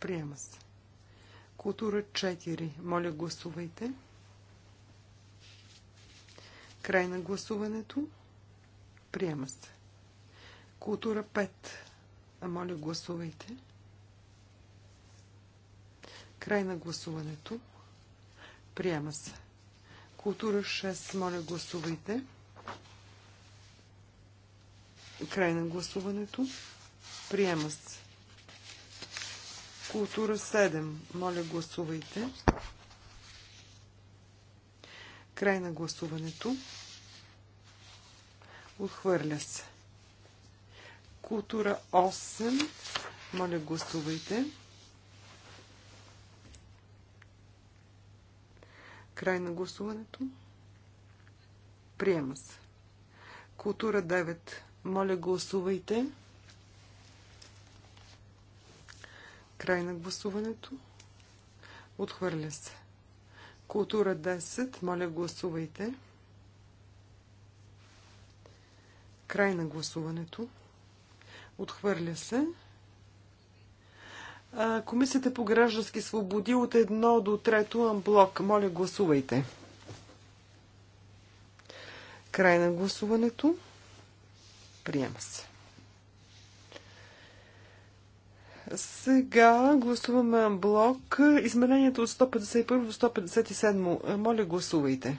Приема се. Култура 4. Моля, гласувайте. Край на гласуването. Приема се. Култура 5. А Моля, гласувайте. Край на гласуването. Приема се. Култура 6. Моля, гласувайте. Край на гласуването. Приема се. Култура 7. Моля, гласувайте. Край на гласуването. Отхвърля се. Култура 8. Моля, гласувайте. Край на гласуването. Приема се. Култура 9. Моля, гласувайте. Край на гласуването. Отхвърля се. Култура 10. Моля, гласувайте. Край на гласуването. Отхвърля се. Комисията по граждански свободи от 1 до 3 блок. Моля, гласувайте. Край на гласуването. Приема се. Сега гласуваме блок. Изменението от 151 до 157. Моля, гласувайте.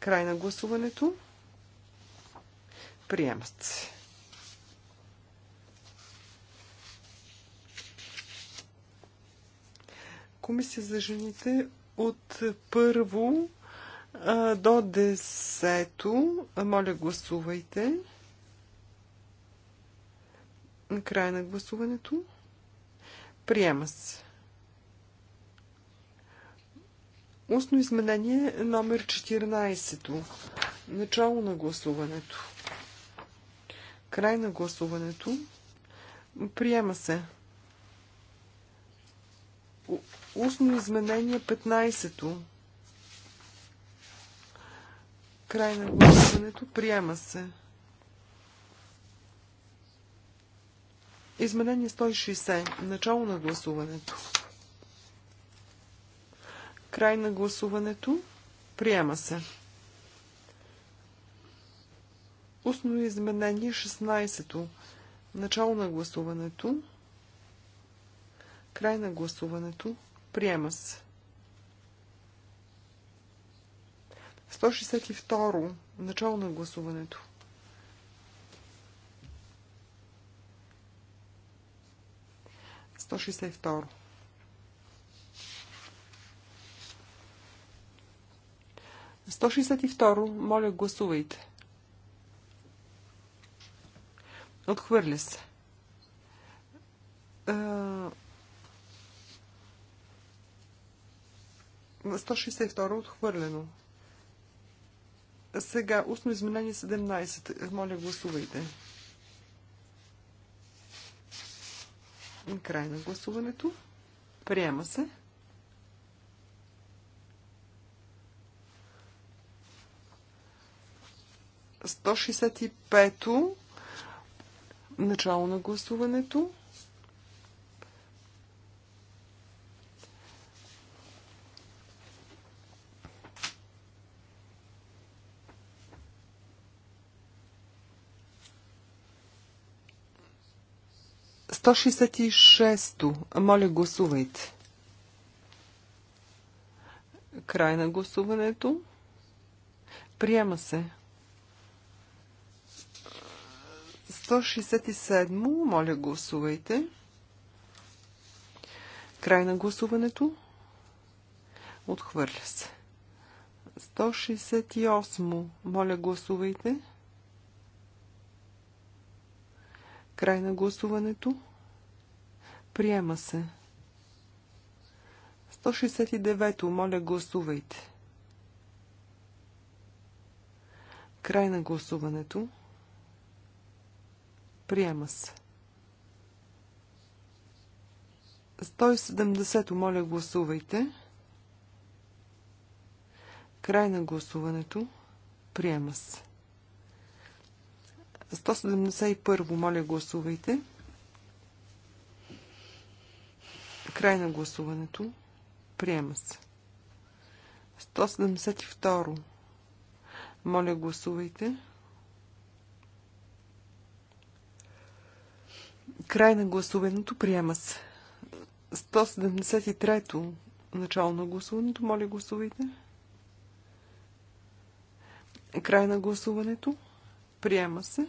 Край на гласуването. Приемат се. комисия за жените от първо до десето. Моля, гласувайте. Край на гласуването. Приема се. Устно изменение номер 14. Начало на гласуването. Край на гласуването. Приема се. Устно изменение 15-то. Край на гласуването. Приема се. Изменение 160. Начало на гласуването. Край на гласуването. Приема се. Устно изменение 16-то. Начало на гласуването. Край на гласуването. Приема се. 162. Начало на гласуването. Сто шестдесет второ. Сто и второ. Моля, гласувайте. Отхвърля се. 162 отхвърлено. Сега, устно изменение 17. Моля, гласувайте. Край на гласуването. Приема се. Сто шестдесет и пето. Начало на гласуването. 166-то. Моля, гласувайте. Край на гласуването. Приема се. 167. Моля, гласувайте. Край на гласуването. Отхвърля се. 168. Моля, гласувайте. Край на гласуването. Приема се. 169-то. Моля, гласувайте. Край на гласуването. Приема се. 170-то. Моля, гласувайте. Край на гласуването. Приема се. 171-во. Моля, гласувайте. Край на гласуването. Приема се. 172. Моля, гласувайте. Край на гласуването. Приема се. 173. Начало на гласуването. Моля, гласувайте. Край на гласуването. Приема се.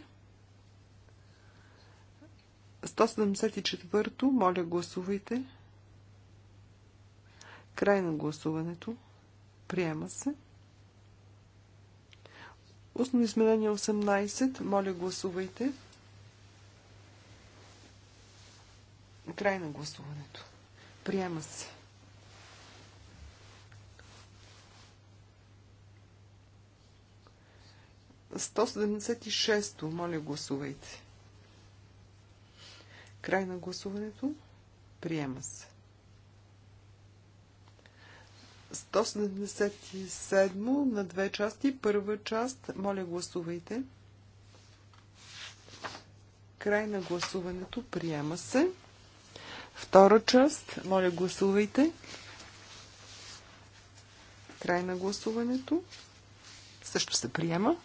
174. Моля, гласувайте. Край на гласуването. Приема се. Устно изменение 18. Моля, гласувайте. Край на гласуването. Приема се. Сто седемдесет и шесто. Моля, гласувайте. Край на гласуването. Приема се. 177 на две части. Първа част, моля гласувайте. Край на гласуването, приема се. Втора част, моля гласувайте. Край на гласуването. Също се приема.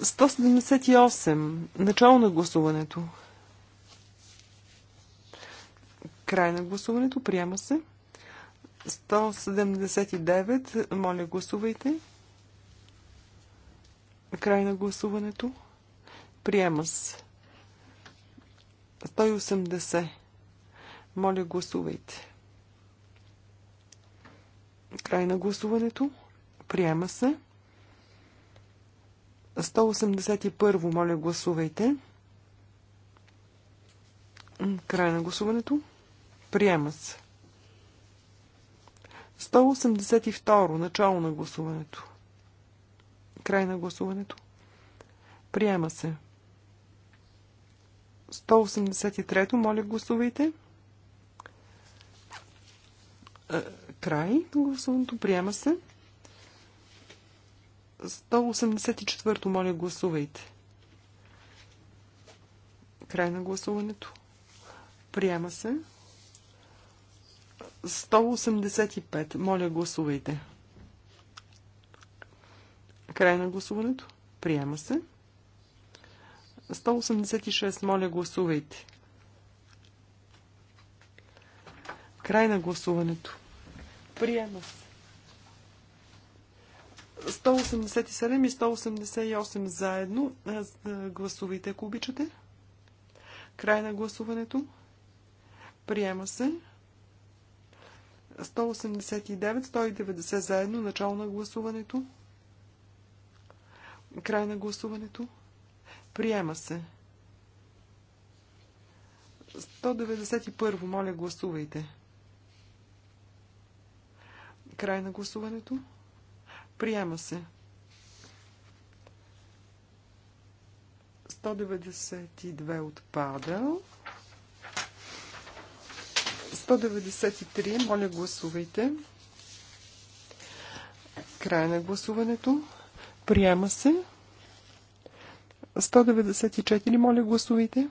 178. Начало на гласуването. Край на гласуването. Приема се. 179. Моля, гласувайте. Край на гласуването. Приема се. 180. Моля, гласувайте. Край на гласуването. Приема се. 181. Моля, гласувайте. Край на гласуването. Приема се. 182. Начало на гласуването. Край на гласуването. Приема се. 183. Е, Моля, гласувайте. Край на гласуването. Приема се. 184. Моля, гласувайте. Край на гласуването. Приема се. 185. Моля, гласувайте. Край на гласуването. Приема се. 186. Моля, гласувайте. Край на гласуването. Приема се. 187 и 188 заедно. Гласувайте, ако обичате. Край на гласуването. Приема се. 189, 190 заедно, начало на гласуването. Край на гласуването. Приема се. 191, моля гласувайте. Край на гласуването. Приема се. 192 отпада. 193. Моля, гласувайте. Край на гласуването. Приема се. 194. Моля, гласувайте.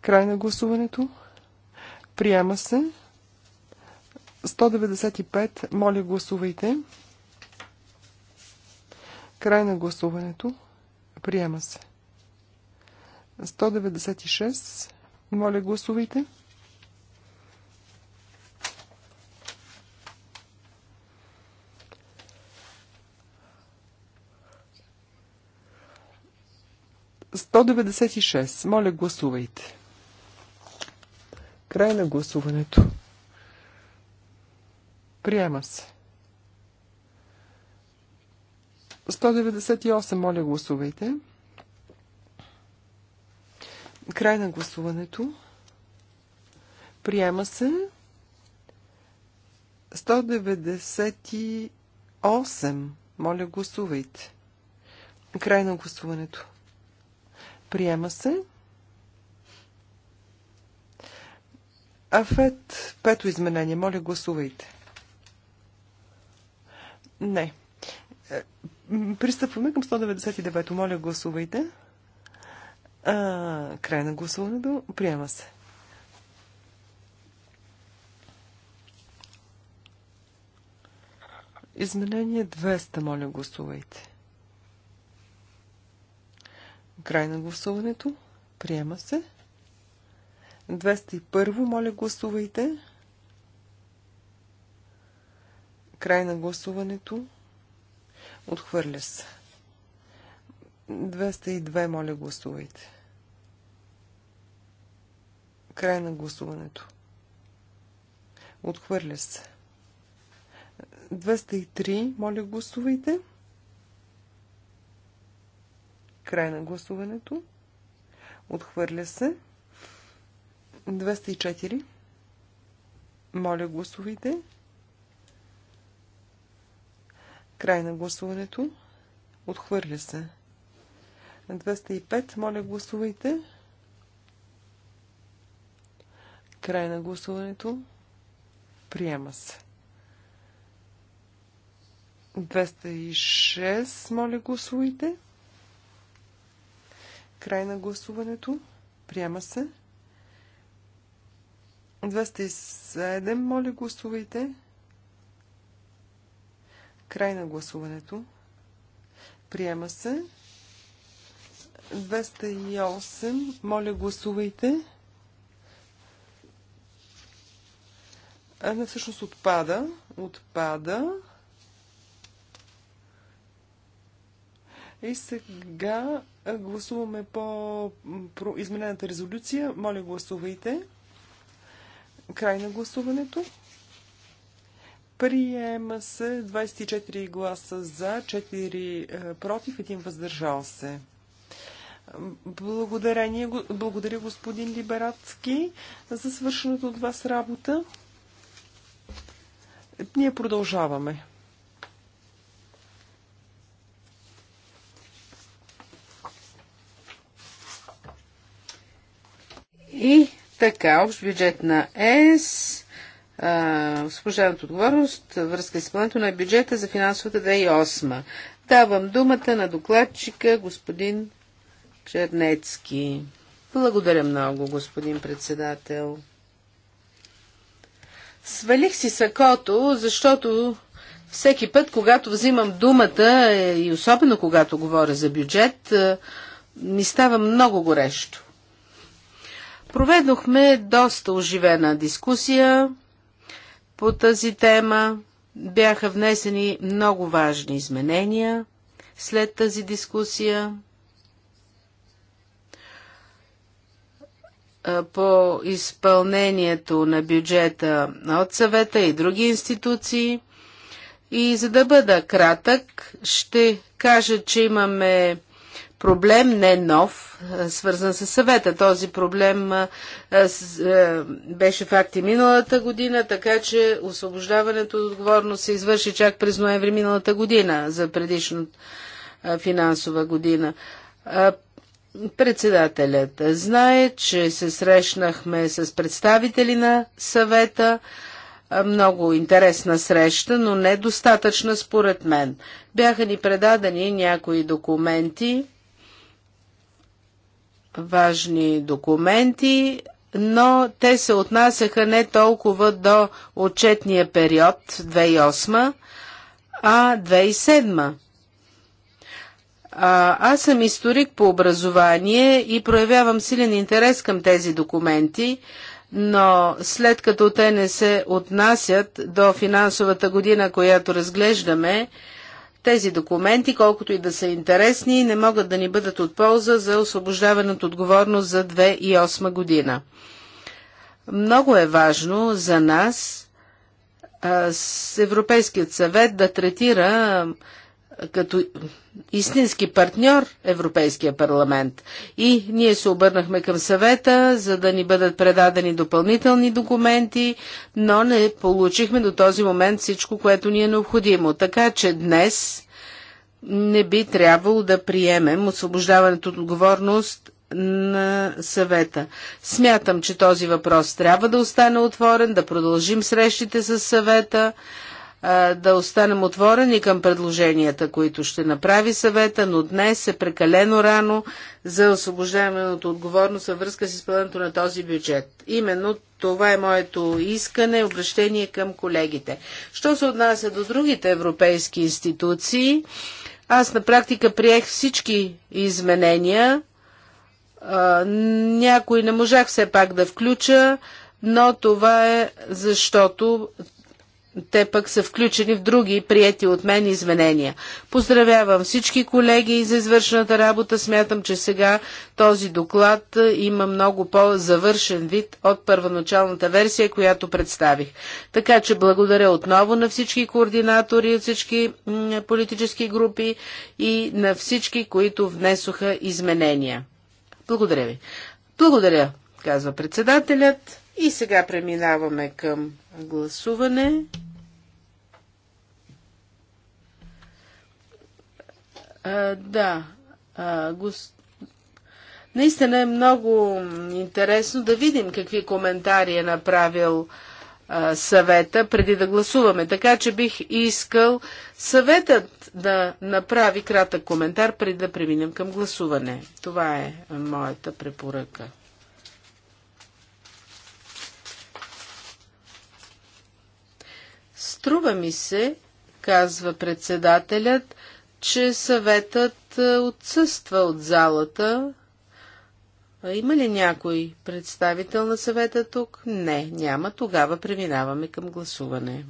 Край на гласуването. Приема се. 195. Моля, гласувайте. Край на гласуването. Приема се. 196. Моля, гласувайте. Сто деветдесет и шест. Моля, гласувайте. Край на гласуването. Приема се. 198, моля гласувайте. Край на гласуването. Приема се 198. Моля, гласувайте. Край на гласуването. Приема се. Афет, пето изменение. Моля, гласувайте. Не. Е, пристъпваме към 199. Моля, гласувайте. А, край на гласуването. Приема се. Изменение 200, моля гласувайте. Край на гласуването. Приема се. 201, моля гласувайте. Край на гласуването. Отхвърля се. 202, моля гласувайте. Край на гласуването. Отхвърля се. 203. Моля, гласувайте. Край на гласуването. Отхвърля се. 204. Моля, гласувайте. Край на гласуването. Отхвърля се. 205. Моля, гласувайте. Край на гласуването. Приема се. 206. Моля, гласувайте. Край на гласуването. Приема се. 207. Моля, гласувайте. Край на гласуването. Приема се. 208. Моля, гласувайте. А, не, всъщност отпада. Отпада. И сега гласуваме по изменената резолюция. Моля, гласувайте. Край на гласуването. Приема се 24 гласа за, 4 против, 1 въздържал се. Благодаря, господин Либератски за свършеното от вас работа. Ние продължаваме. И така, общ бюджет на ЕС, освобождаването отговорност, връзка с изпълнението на бюджета за финансовата 2008. Давам думата на докладчика господин Чернецки. Благодаря много, господин председател. Свалих си сакото, защото всеки път, когато взимам думата е, и особено когато говоря за бюджет, е, ми става много горещо. Проведохме доста оживена дискусия по тази тема. Бяха внесени много важни изменения след тази дискусия. по изпълнението на бюджета от съвета и други институции. И за да бъда кратък, ще кажа, че имаме проблем, не нов, свързан с съвета. Този проблем беше факт и миналата година, така че освобождаването от отговорност се извърши чак през ноември миналата година за предишната финансова година. Председателят знае, че се срещнахме с представители на съвета. Много интересна среща, но недостатъчна според мен. Бяха ни предадени някои документи, важни документи, но те се отнасяха не толкова до отчетния период 2008, а 2007. А, аз съм историк по образование и проявявам силен интерес към тези документи, но след като те не се отнасят до финансовата година, която разглеждаме, тези документи, колкото и да са интересни, не могат да ни бъдат от полза за освобождаване от отговорност за 2008 година. Много е важно за нас а, с Европейският съвет да третира като истински партньор Европейския парламент. И ние се обърнахме към съвета, за да ни бъдат предадени допълнителни документи, но не получихме до този момент всичко, което ни е необходимо. Така че днес не би трябвало да приемем освобождаването от отговорност на съвета. Смятам, че този въпрос трябва да остане отворен, да продължим срещите с съвета да останем отворени към предложенията, които ще направи съвета, но днес е прекалено рано за освобождаване от отговорност във връзка с изпълнението на този бюджет. Именно това е моето искане, обращение към колегите. Що се отнася до другите европейски институции, аз на практика приех всички изменения. Някои не можах все пак да включа, но това е защото те пък са включени в други прияти от мен изменения. Поздравявам всички колеги за извършената работа. Смятам, че сега този доклад има много по-завършен вид от първоначалната версия, която представих. Така че благодаря отново на всички координатори от всички политически групи и на всички, които внесоха изменения. Благодаря ви. Благодаря, казва председателят. И сега преминаваме към гласуване. да. А, гос... Наистина е много интересно да видим какви коментари е направил а, съвета преди да гласуваме. Така че бих искал съветът да направи кратък коментар преди да преминем към гласуване. Това е моята препоръка. Струва ми се, казва председателят, че съветът е, отсъства от залата. Има ли някой представител на съвета тук? Не, няма. Тогава преминаваме към гласуване.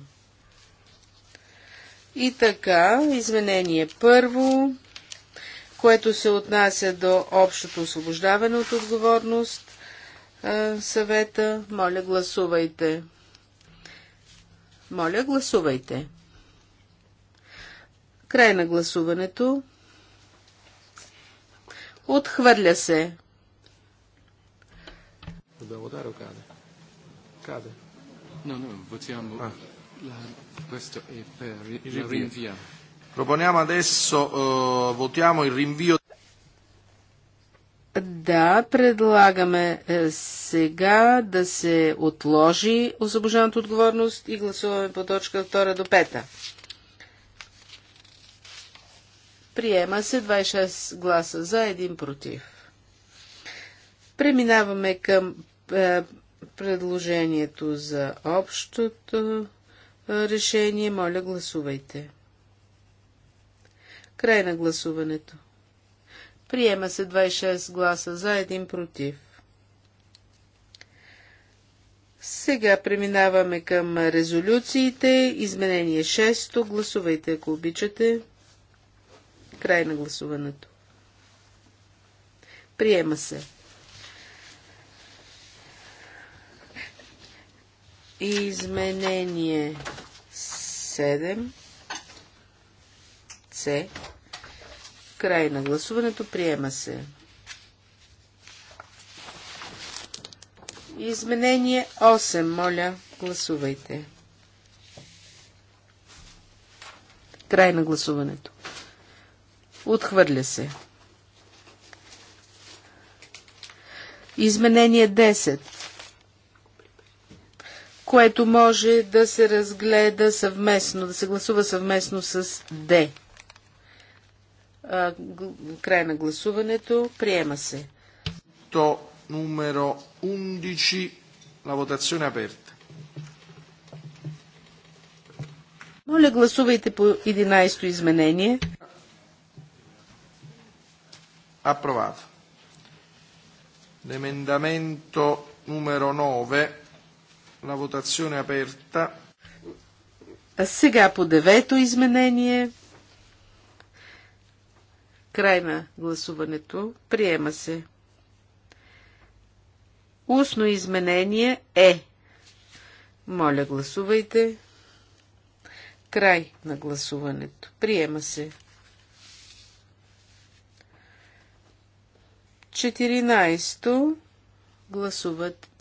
И така, извинение първо, което се отнася до общото освобождаване от отговорност съвета. Моля, гласувайте. Моля, гласувайте. Край на гласуването. Отхвърля се. Да каде. Каде. votiamo. Ah. questo è per il rinvio. adesso, uh, votiamo il rinvio. Да, предлагаме е, сега да се отложи освобождената отговорност и гласуваме по точка 2 до 5. Приема се 26 гласа за, 1 против. Преминаваме към е, предложението за общото е, решение. Моля, гласувайте. Край на гласуването. Приема се 26 гласа за, 1 против. Сега преминаваме към резолюциите. Изменение 6. Гласувайте, ако обичате. Край на гласуването. Приема се. Изменение 7. С. Край на гласуването. Приема се. Изменение 8. Моля, гласувайте. Край на гласуването. Отхвърля се. Изменение 10 което може да се разгледа съвместно, да се гласува съвместно с Д. Край на гласуването. Приема се. То numero 11. La votazione aperta. Моля, гласувайте по 11-то изменение. Approvato. L'emendamento numero 9. La votazione aperta. А сега по девето изменение. Край на гласуването. Приема се. Устно изменение е. Моля, гласувайте. Край на гласуването. Приема се. 14-то.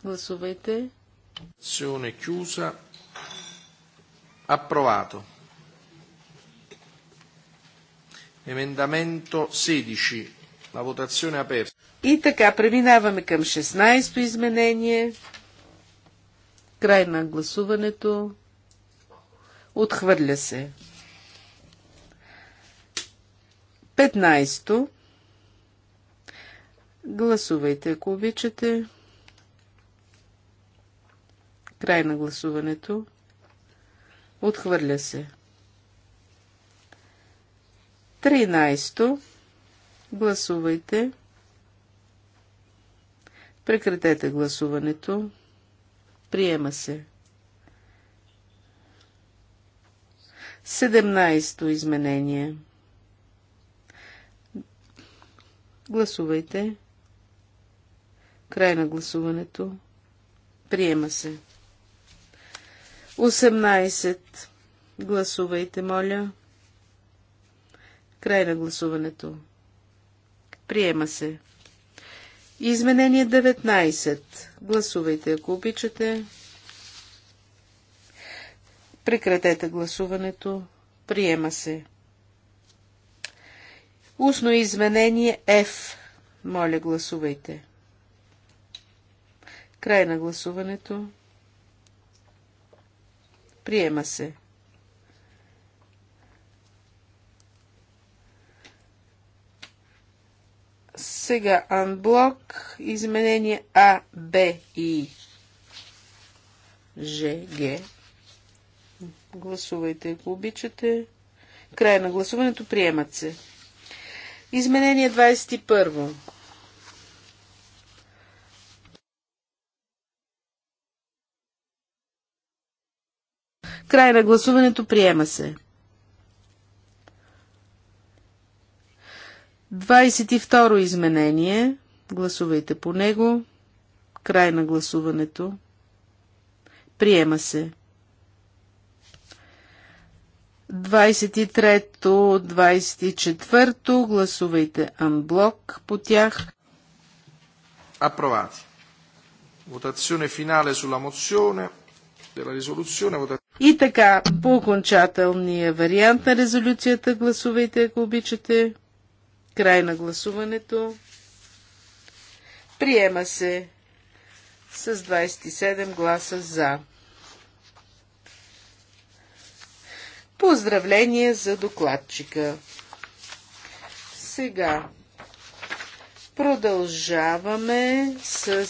Гласувайте. Azione chiusa. Апровато. Emendamento 16. La votazione aperta. И така, преминаваме към 16-то изменение. Край на гласуването. Отхвърля се. 15-то. Гласувайте, ако обичате. Край на гласуването. Отхвърля се. 13. Гласувайте. Прекратете гласуването. Приема се. 17. Изменение. Гласувайте. Край на гласуването. Приема се. 18. Гласувайте, моля. Край на гласуването. Приема се. Изменение 19. Гласувайте, ако обичате. Прекратете гласуването. Приема се. Устно изменение F. Моля, гласувайте. Край на гласуването. Приема се. Сега анблок, изменение А, Б и Ж, Г. Гласувайте, ако обичате. Край на гласуването приемат се. Изменение 21. Край на гласуването приема се. 22 изменение. Гласувайте по него. Край на гласуването. Приема се. 23-то, 24-то. Гласувайте анблок по тях. Approvati. Votazione finale sulla mozione della risoluzione. И така, по окончателния вариант на резолюцията гласувайте, ако обичате. Край на гласуването. Приема се с 27 гласа за. Поздравление за докладчика. Сега продължаваме с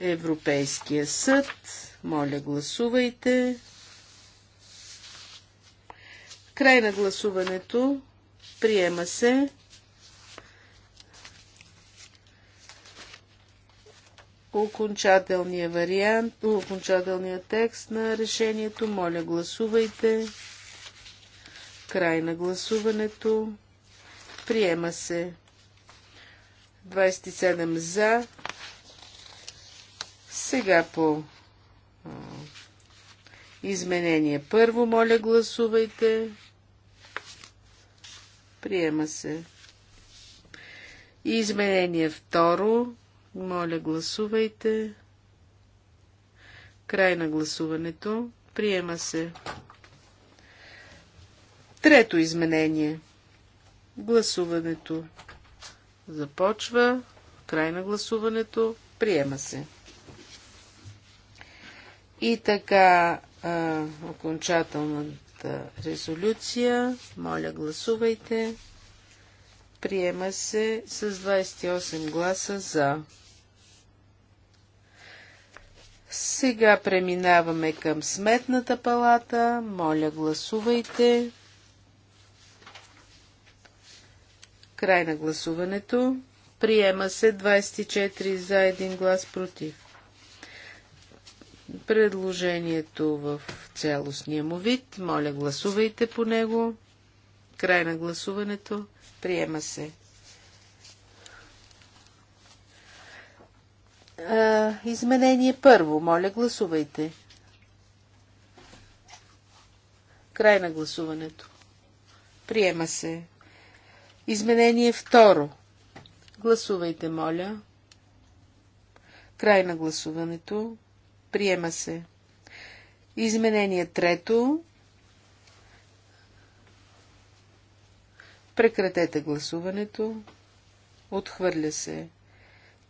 Европейския съд. Моля, гласувайте. Край на гласуването. Приема се. Окончателния вариант, окончателния текст на решението. Моля, гласувайте. Край на гласуването. Приема се. 27 за, сега по изменение първо, моля гласувайте. Приема се. Изменение второ, моля гласувайте. Край на гласуването. Приема се. Трето изменение. Гласуването започва. Край на гласуването. Приема се. И така, а, окончателната резолюция. Моля, гласувайте. Приема се с 28 гласа за. Сега преминаваме към сметната палата. Моля, гласувайте. Край на гласуването. Приема се 24 за 1 глас против предложението в цялостния му вид. Моля, гласувайте по него. Край на гласуването. Приема се. А, изменение първо. Моля, гласувайте. Край на гласуването. Приема се. Изменение второ. Гласувайте, моля. Край на гласуването. Приема се. Изменение трето. Прекратете гласуването. Отхвърля се.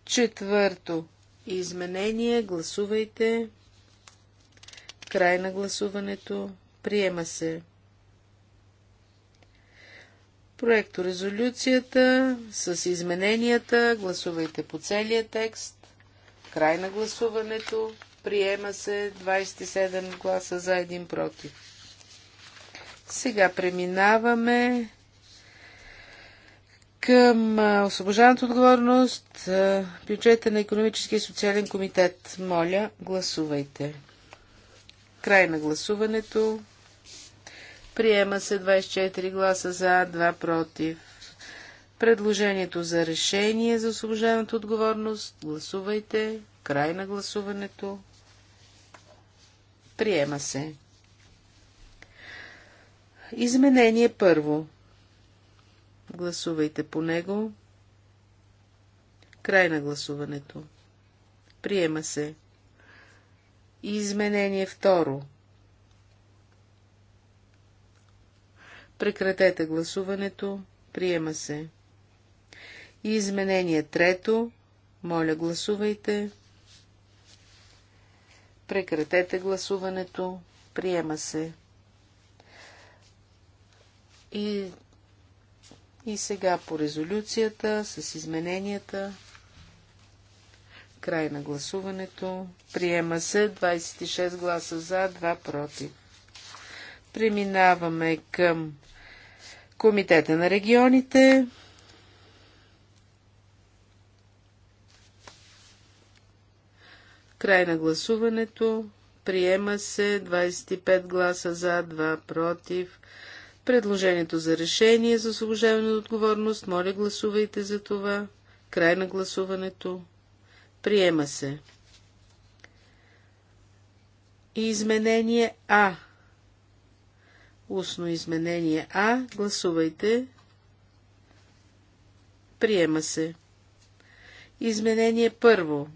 Четвърто. Изменение. Гласувайте. Край на гласуването. Приема се. Проекто резолюцията с измененията. Гласувайте по целия текст. Край на гласуването. Приема се 27 гласа за един против. Сега преминаваме към освобождаването отговорност бюджета на економически и социален комитет. Моля, гласувайте. Край на гласуването. Приема се 24 гласа за, 2 против. Предложението за решение за освобождаването отговорност. Гласувайте. Край на гласуването. Приема се. Изменение първо. Гласувайте по него. Край на гласуването. Приема се. Изменение второ. Прекратете гласуването. Приема се. изменение трето. Моля, гласувайте. Прекратете гласуването. Приема се. И, и сега по резолюцията с измененията. Край на гласуването. Приема се 26 гласа за, 2 против. Преминаваме към Комитета на регионите. Край на гласуването. Приема се 25 гласа за, 2 против. Предложението за решение за освобождаване от отговорност. Моля, гласувайте за това. Край на гласуването. Приема се. Изменение А. Устно изменение А. Гласувайте. Приема се. Изменение първо.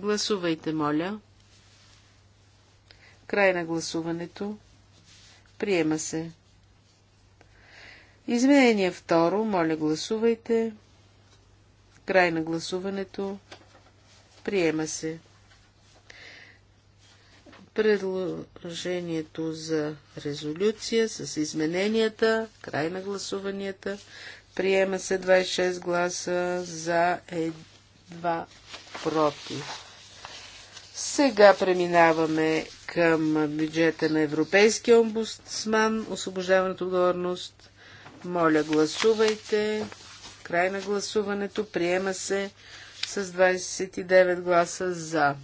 Гласувайте, моля. Край на гласуването. Приема се. Изменение второ. Моля, гласувайте. Край на гласуването. Приема се. Предложението за резолюция с измененията. Край на гласуванията. Приема се 26 гласа за 2 е против. Сега преминаваме към бюджета на Европейския омбудсман, освобождаването отговорност. Моля, гласувайте. Край на гласуването. Приема се с 29 гласа за.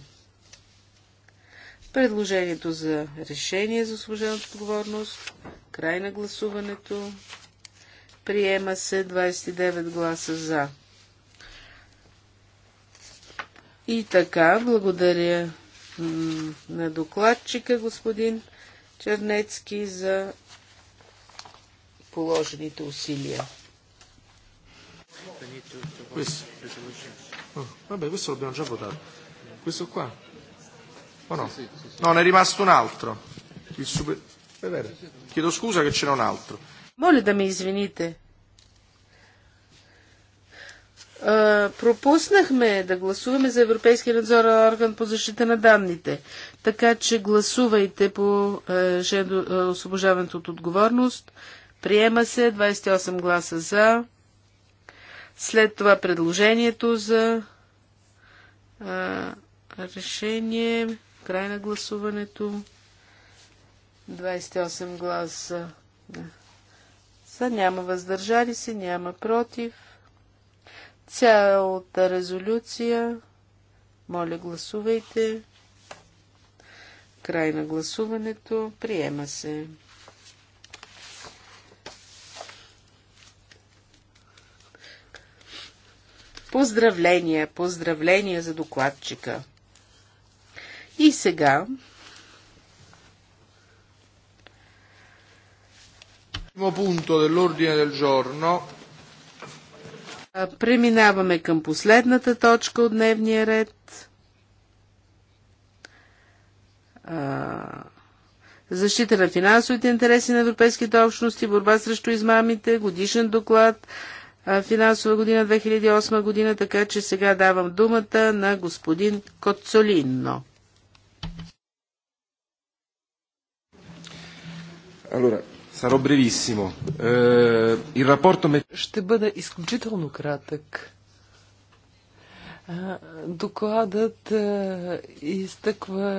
Предложението за решение за служебната отговорност. Край на гласуването. Приема се 29 гласа за. И така, благодаря на докладчика господин Чернецки за положените усилия. vabbè, questo l'abbiamo già votato. Questo qua? O no? No, ne è rimasto un altro. Il super... Chiedo scusa che c'era un altro. Моля да ме пропуснахме да гласуваме за Европейския надзор орган по защита на данните. Така че гласувайте по е, е, освобождаването от отговорност. Приема се 28 гласа за. След това предложението за решение. Край на гласуването. 28 гласа. няма въздържали се, няма против. Цялата резолюция. Моля, гласувайте. Край на гласуването. Приема се. Поздравления, поздравления за докладчика. И сега. Punto dell'ordine del giorno Преминаваме към последната точка от дневния ред. Защита на финансовите интереси на европейските общности, борба срещу измамите, годишен доклад, финансова година 2008 година, така че сега давам думата на господин Коцолинно. Allora, Sarò brevissimo. Eh, il rapporto... me... Ще бъда изключително кратък. Докладът е, изтъква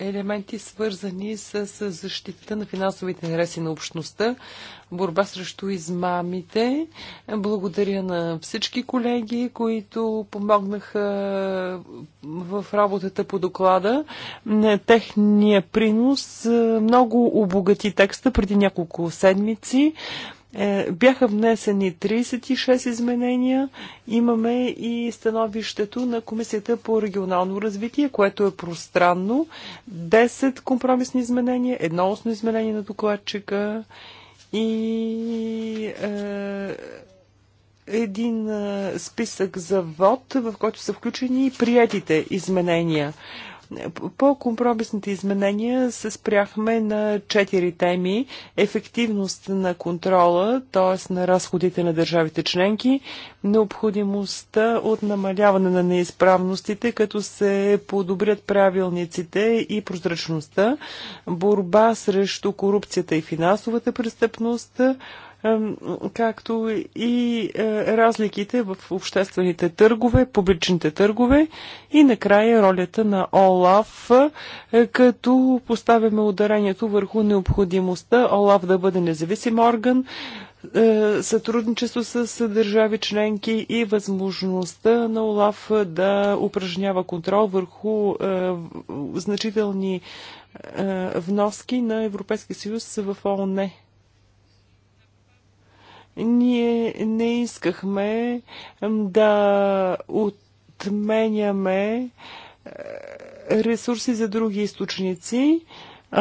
елементи, свързани с защитата на финансовите интереси на общността, борба срещу измамите. Благодаря на всички колеги, които помогнаха в работата по доклада. Техния принос е, много обогати текста преди няколко седмици. Е, бяха внесени 36 изменения. Имаме и становището на Комисията по регионално развитие, което е пространно. 10 компромисни изменения, едно основно изменение на докладчика и е, един е, списък за вод, в който са включени и приятите изменения. По компромисните изменения се спряхме на четири теми. Ефективност на контрола, т.е. на разходите на държавите членки, необходимостта от намаляване на неизправностите, като се подобрят правилниците и прозрачността, борба срещу корупцията и финансовата престъпност, както и е, разликите в обществените търгове, публичните търгове и накрая ролята на ОЛАФ, е, като поставяме ударението върху необходимостта ОЛАФ да бъде независим орган, е, сътрудничество с държави членки и възможността на ОЛАФ да упражнява контрол върху значителни вноски на Европейския съюз в ООН. Ние не искахме да отменяме е, ресурси за други източници, е,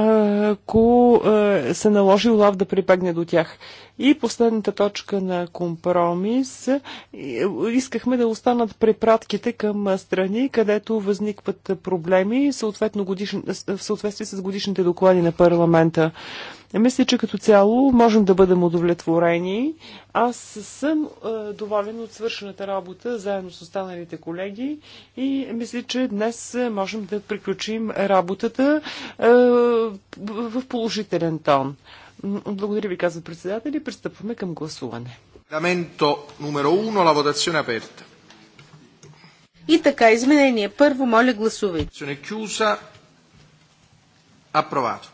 ако е, се наложи Олав да припегне до тях. И последната точка на компромис. Искахме да останат препратките към страни, където възникват проблеми съответно годишни, в съответствие с годишните доклади на парламента. Мисля, че като цяло можем да бъдем удовлетворени. Аз съм е, доволен от свършената работа заедно с останалите колеги и мисля, че днес можем да приключим работата е, в положителен тон. Благодаря ви, казва председатели. Пристъпваме към гласуване. Даменто номер 1, la votazione aperta. И така, изменение. Първо, моля, гласувайте. Chiusa. Approvato.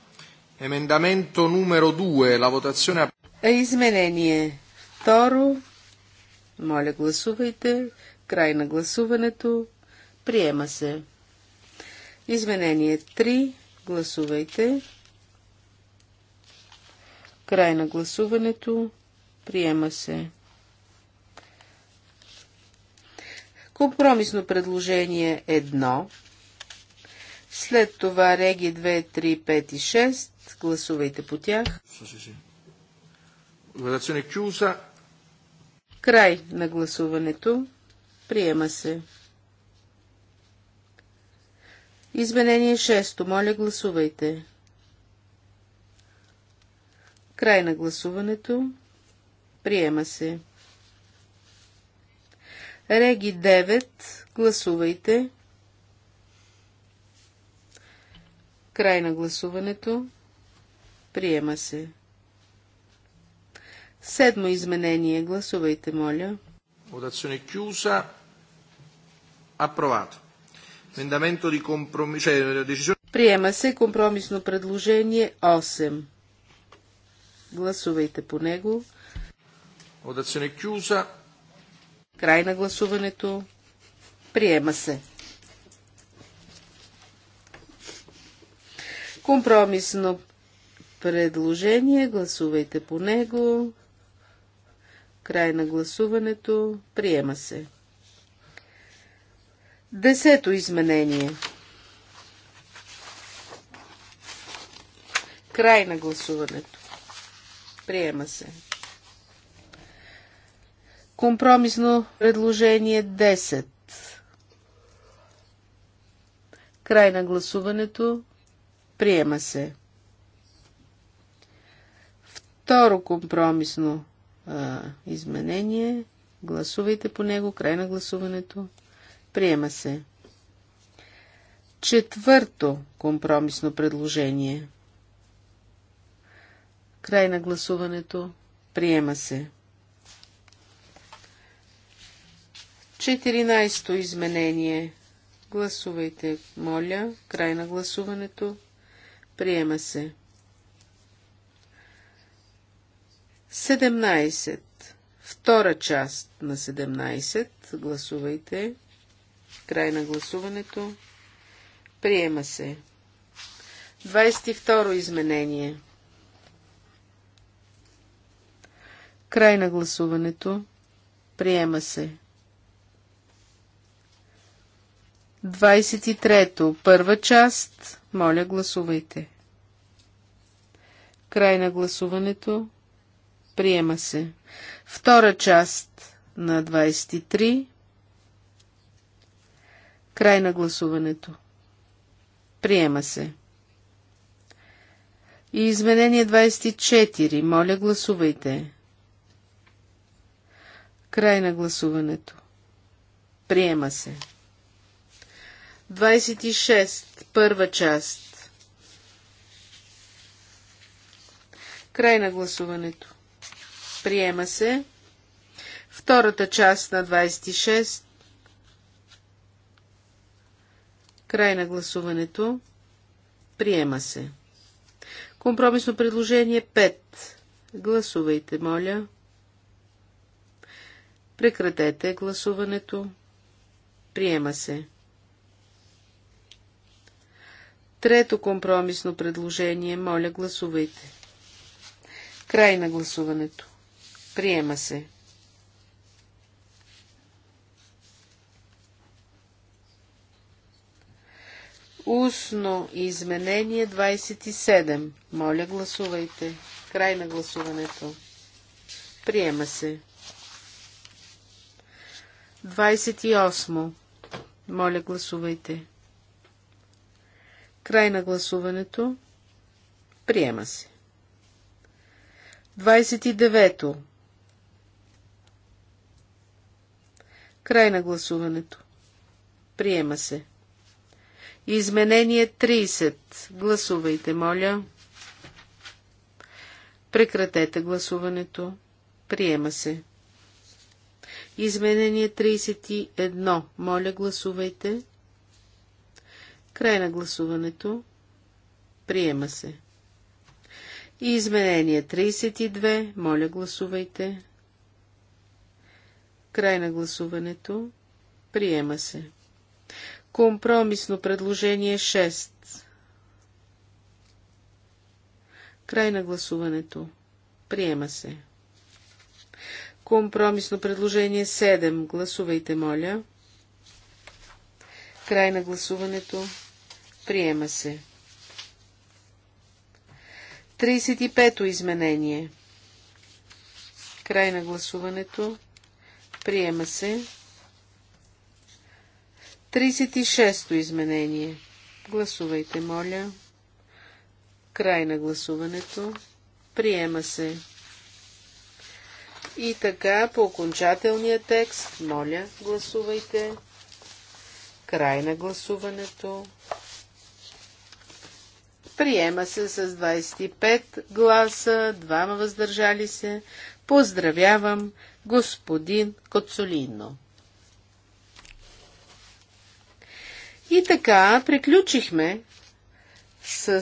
Emendamento numero 2, la votazione aperta. Е, изменение. Второ, моля, гласувайте. Край на гласуването. Приема се. Изменение 3. Гласувайте. Край на гласуването. Приема се. Компромисно предложение 1. След това реги 2, 3, 5 и 6. Гласувайте по тях. Край на гласуването. Приема се. Изменение 6. Моля, гласувайте. Край на гласуването. Приема се. Реги 9. Гласувайте. Край на гласуването. Приема се. Седмо изменение. Гласувайте, моля. Votazione chiusa. Approvato. Emendamento di compromesso. Приема се компромисно предложение 8. Гласувайте по него. Край на гласуването. Приема се. Компромисно предложение. Гласувайте по него. Край на гласуването. Приема се. Десето изменение. Край на гласуването. Приема се. Компромисно предложение 10. Край на гласуването. Приема се. Второ компромисно а, изменение. Гласувайте по него. Край на гласуването. Приема се. Четвърто компромисно предложение. Край на гласуването. Приема се. 14-то изменение. Гласувайте, моля. Край на гласуването. Приема се. 17. Втора част на 17. Гласувайте. Край на гласуването. Приема се. 22 изменение. Край на гласуването. Приема се. 23-то. Първа част. Моля, гласувайте. Край на гласуването. Приема се. Втора част на 23. Край на гласуването. Приема се. И изменение 24. Моля, гласувайте. Край на гласуването. Приема се. 26. Първа част. Край на гласуването. Приема се. Втората част на 26. Край на гласуването. Приема се. Компромисно предложение 5. Гласувайте, моля. Прекратете гласуването. Приема се. Трето компромисно предложение. Моля, гласувайте. Край на гласуването. Приема се. Устно изменение 27. Моля, гласувайте. Край на гласуването. Приема се. 28. Моля, гласувайте. Край на гласуването. Приема се. 29. Край на гласуването. Приема се. Изменение 30. Гласувайте, моля. Прекратете гласуването. Приема се. Изменение 31. Моля, гласувайте. Край на гласуването. Приема се. изменение 32. Моля, гласувайте. Край на гласуването. Приема се. Компромисно предложение 6. Край на гласуването. Приема се. Компромисно предложение 7. Гласувайте, моля. Край на гласуването. Приема се. 35-то изменение. Край на гласуването. Приема се. 36-то изменение. Гласувайте, моля. Край на гласуването. Приема се. И така, по окончателния текст, моля, гласувайте. Край на гласуването. Приема се с 25 гласа, двама въздържали се. Поздравявам господин Коцолино. И така, приключихме с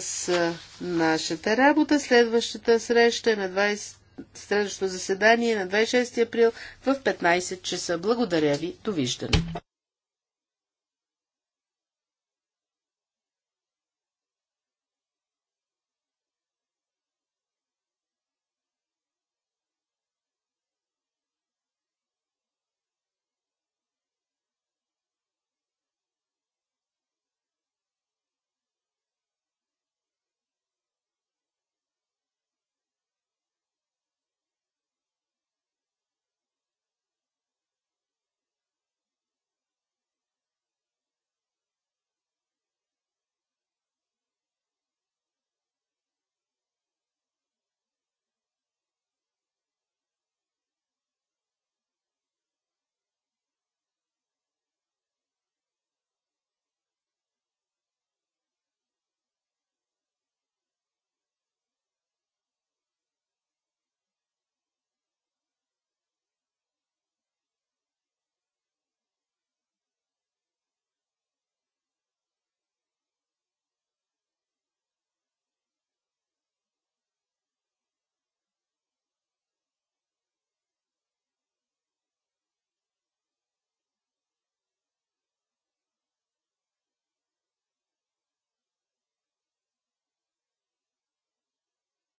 нашата работа. Следващата среща е на 20 следващото заседание на 26 април в 15 часа. Благодаря ви. Довиждане.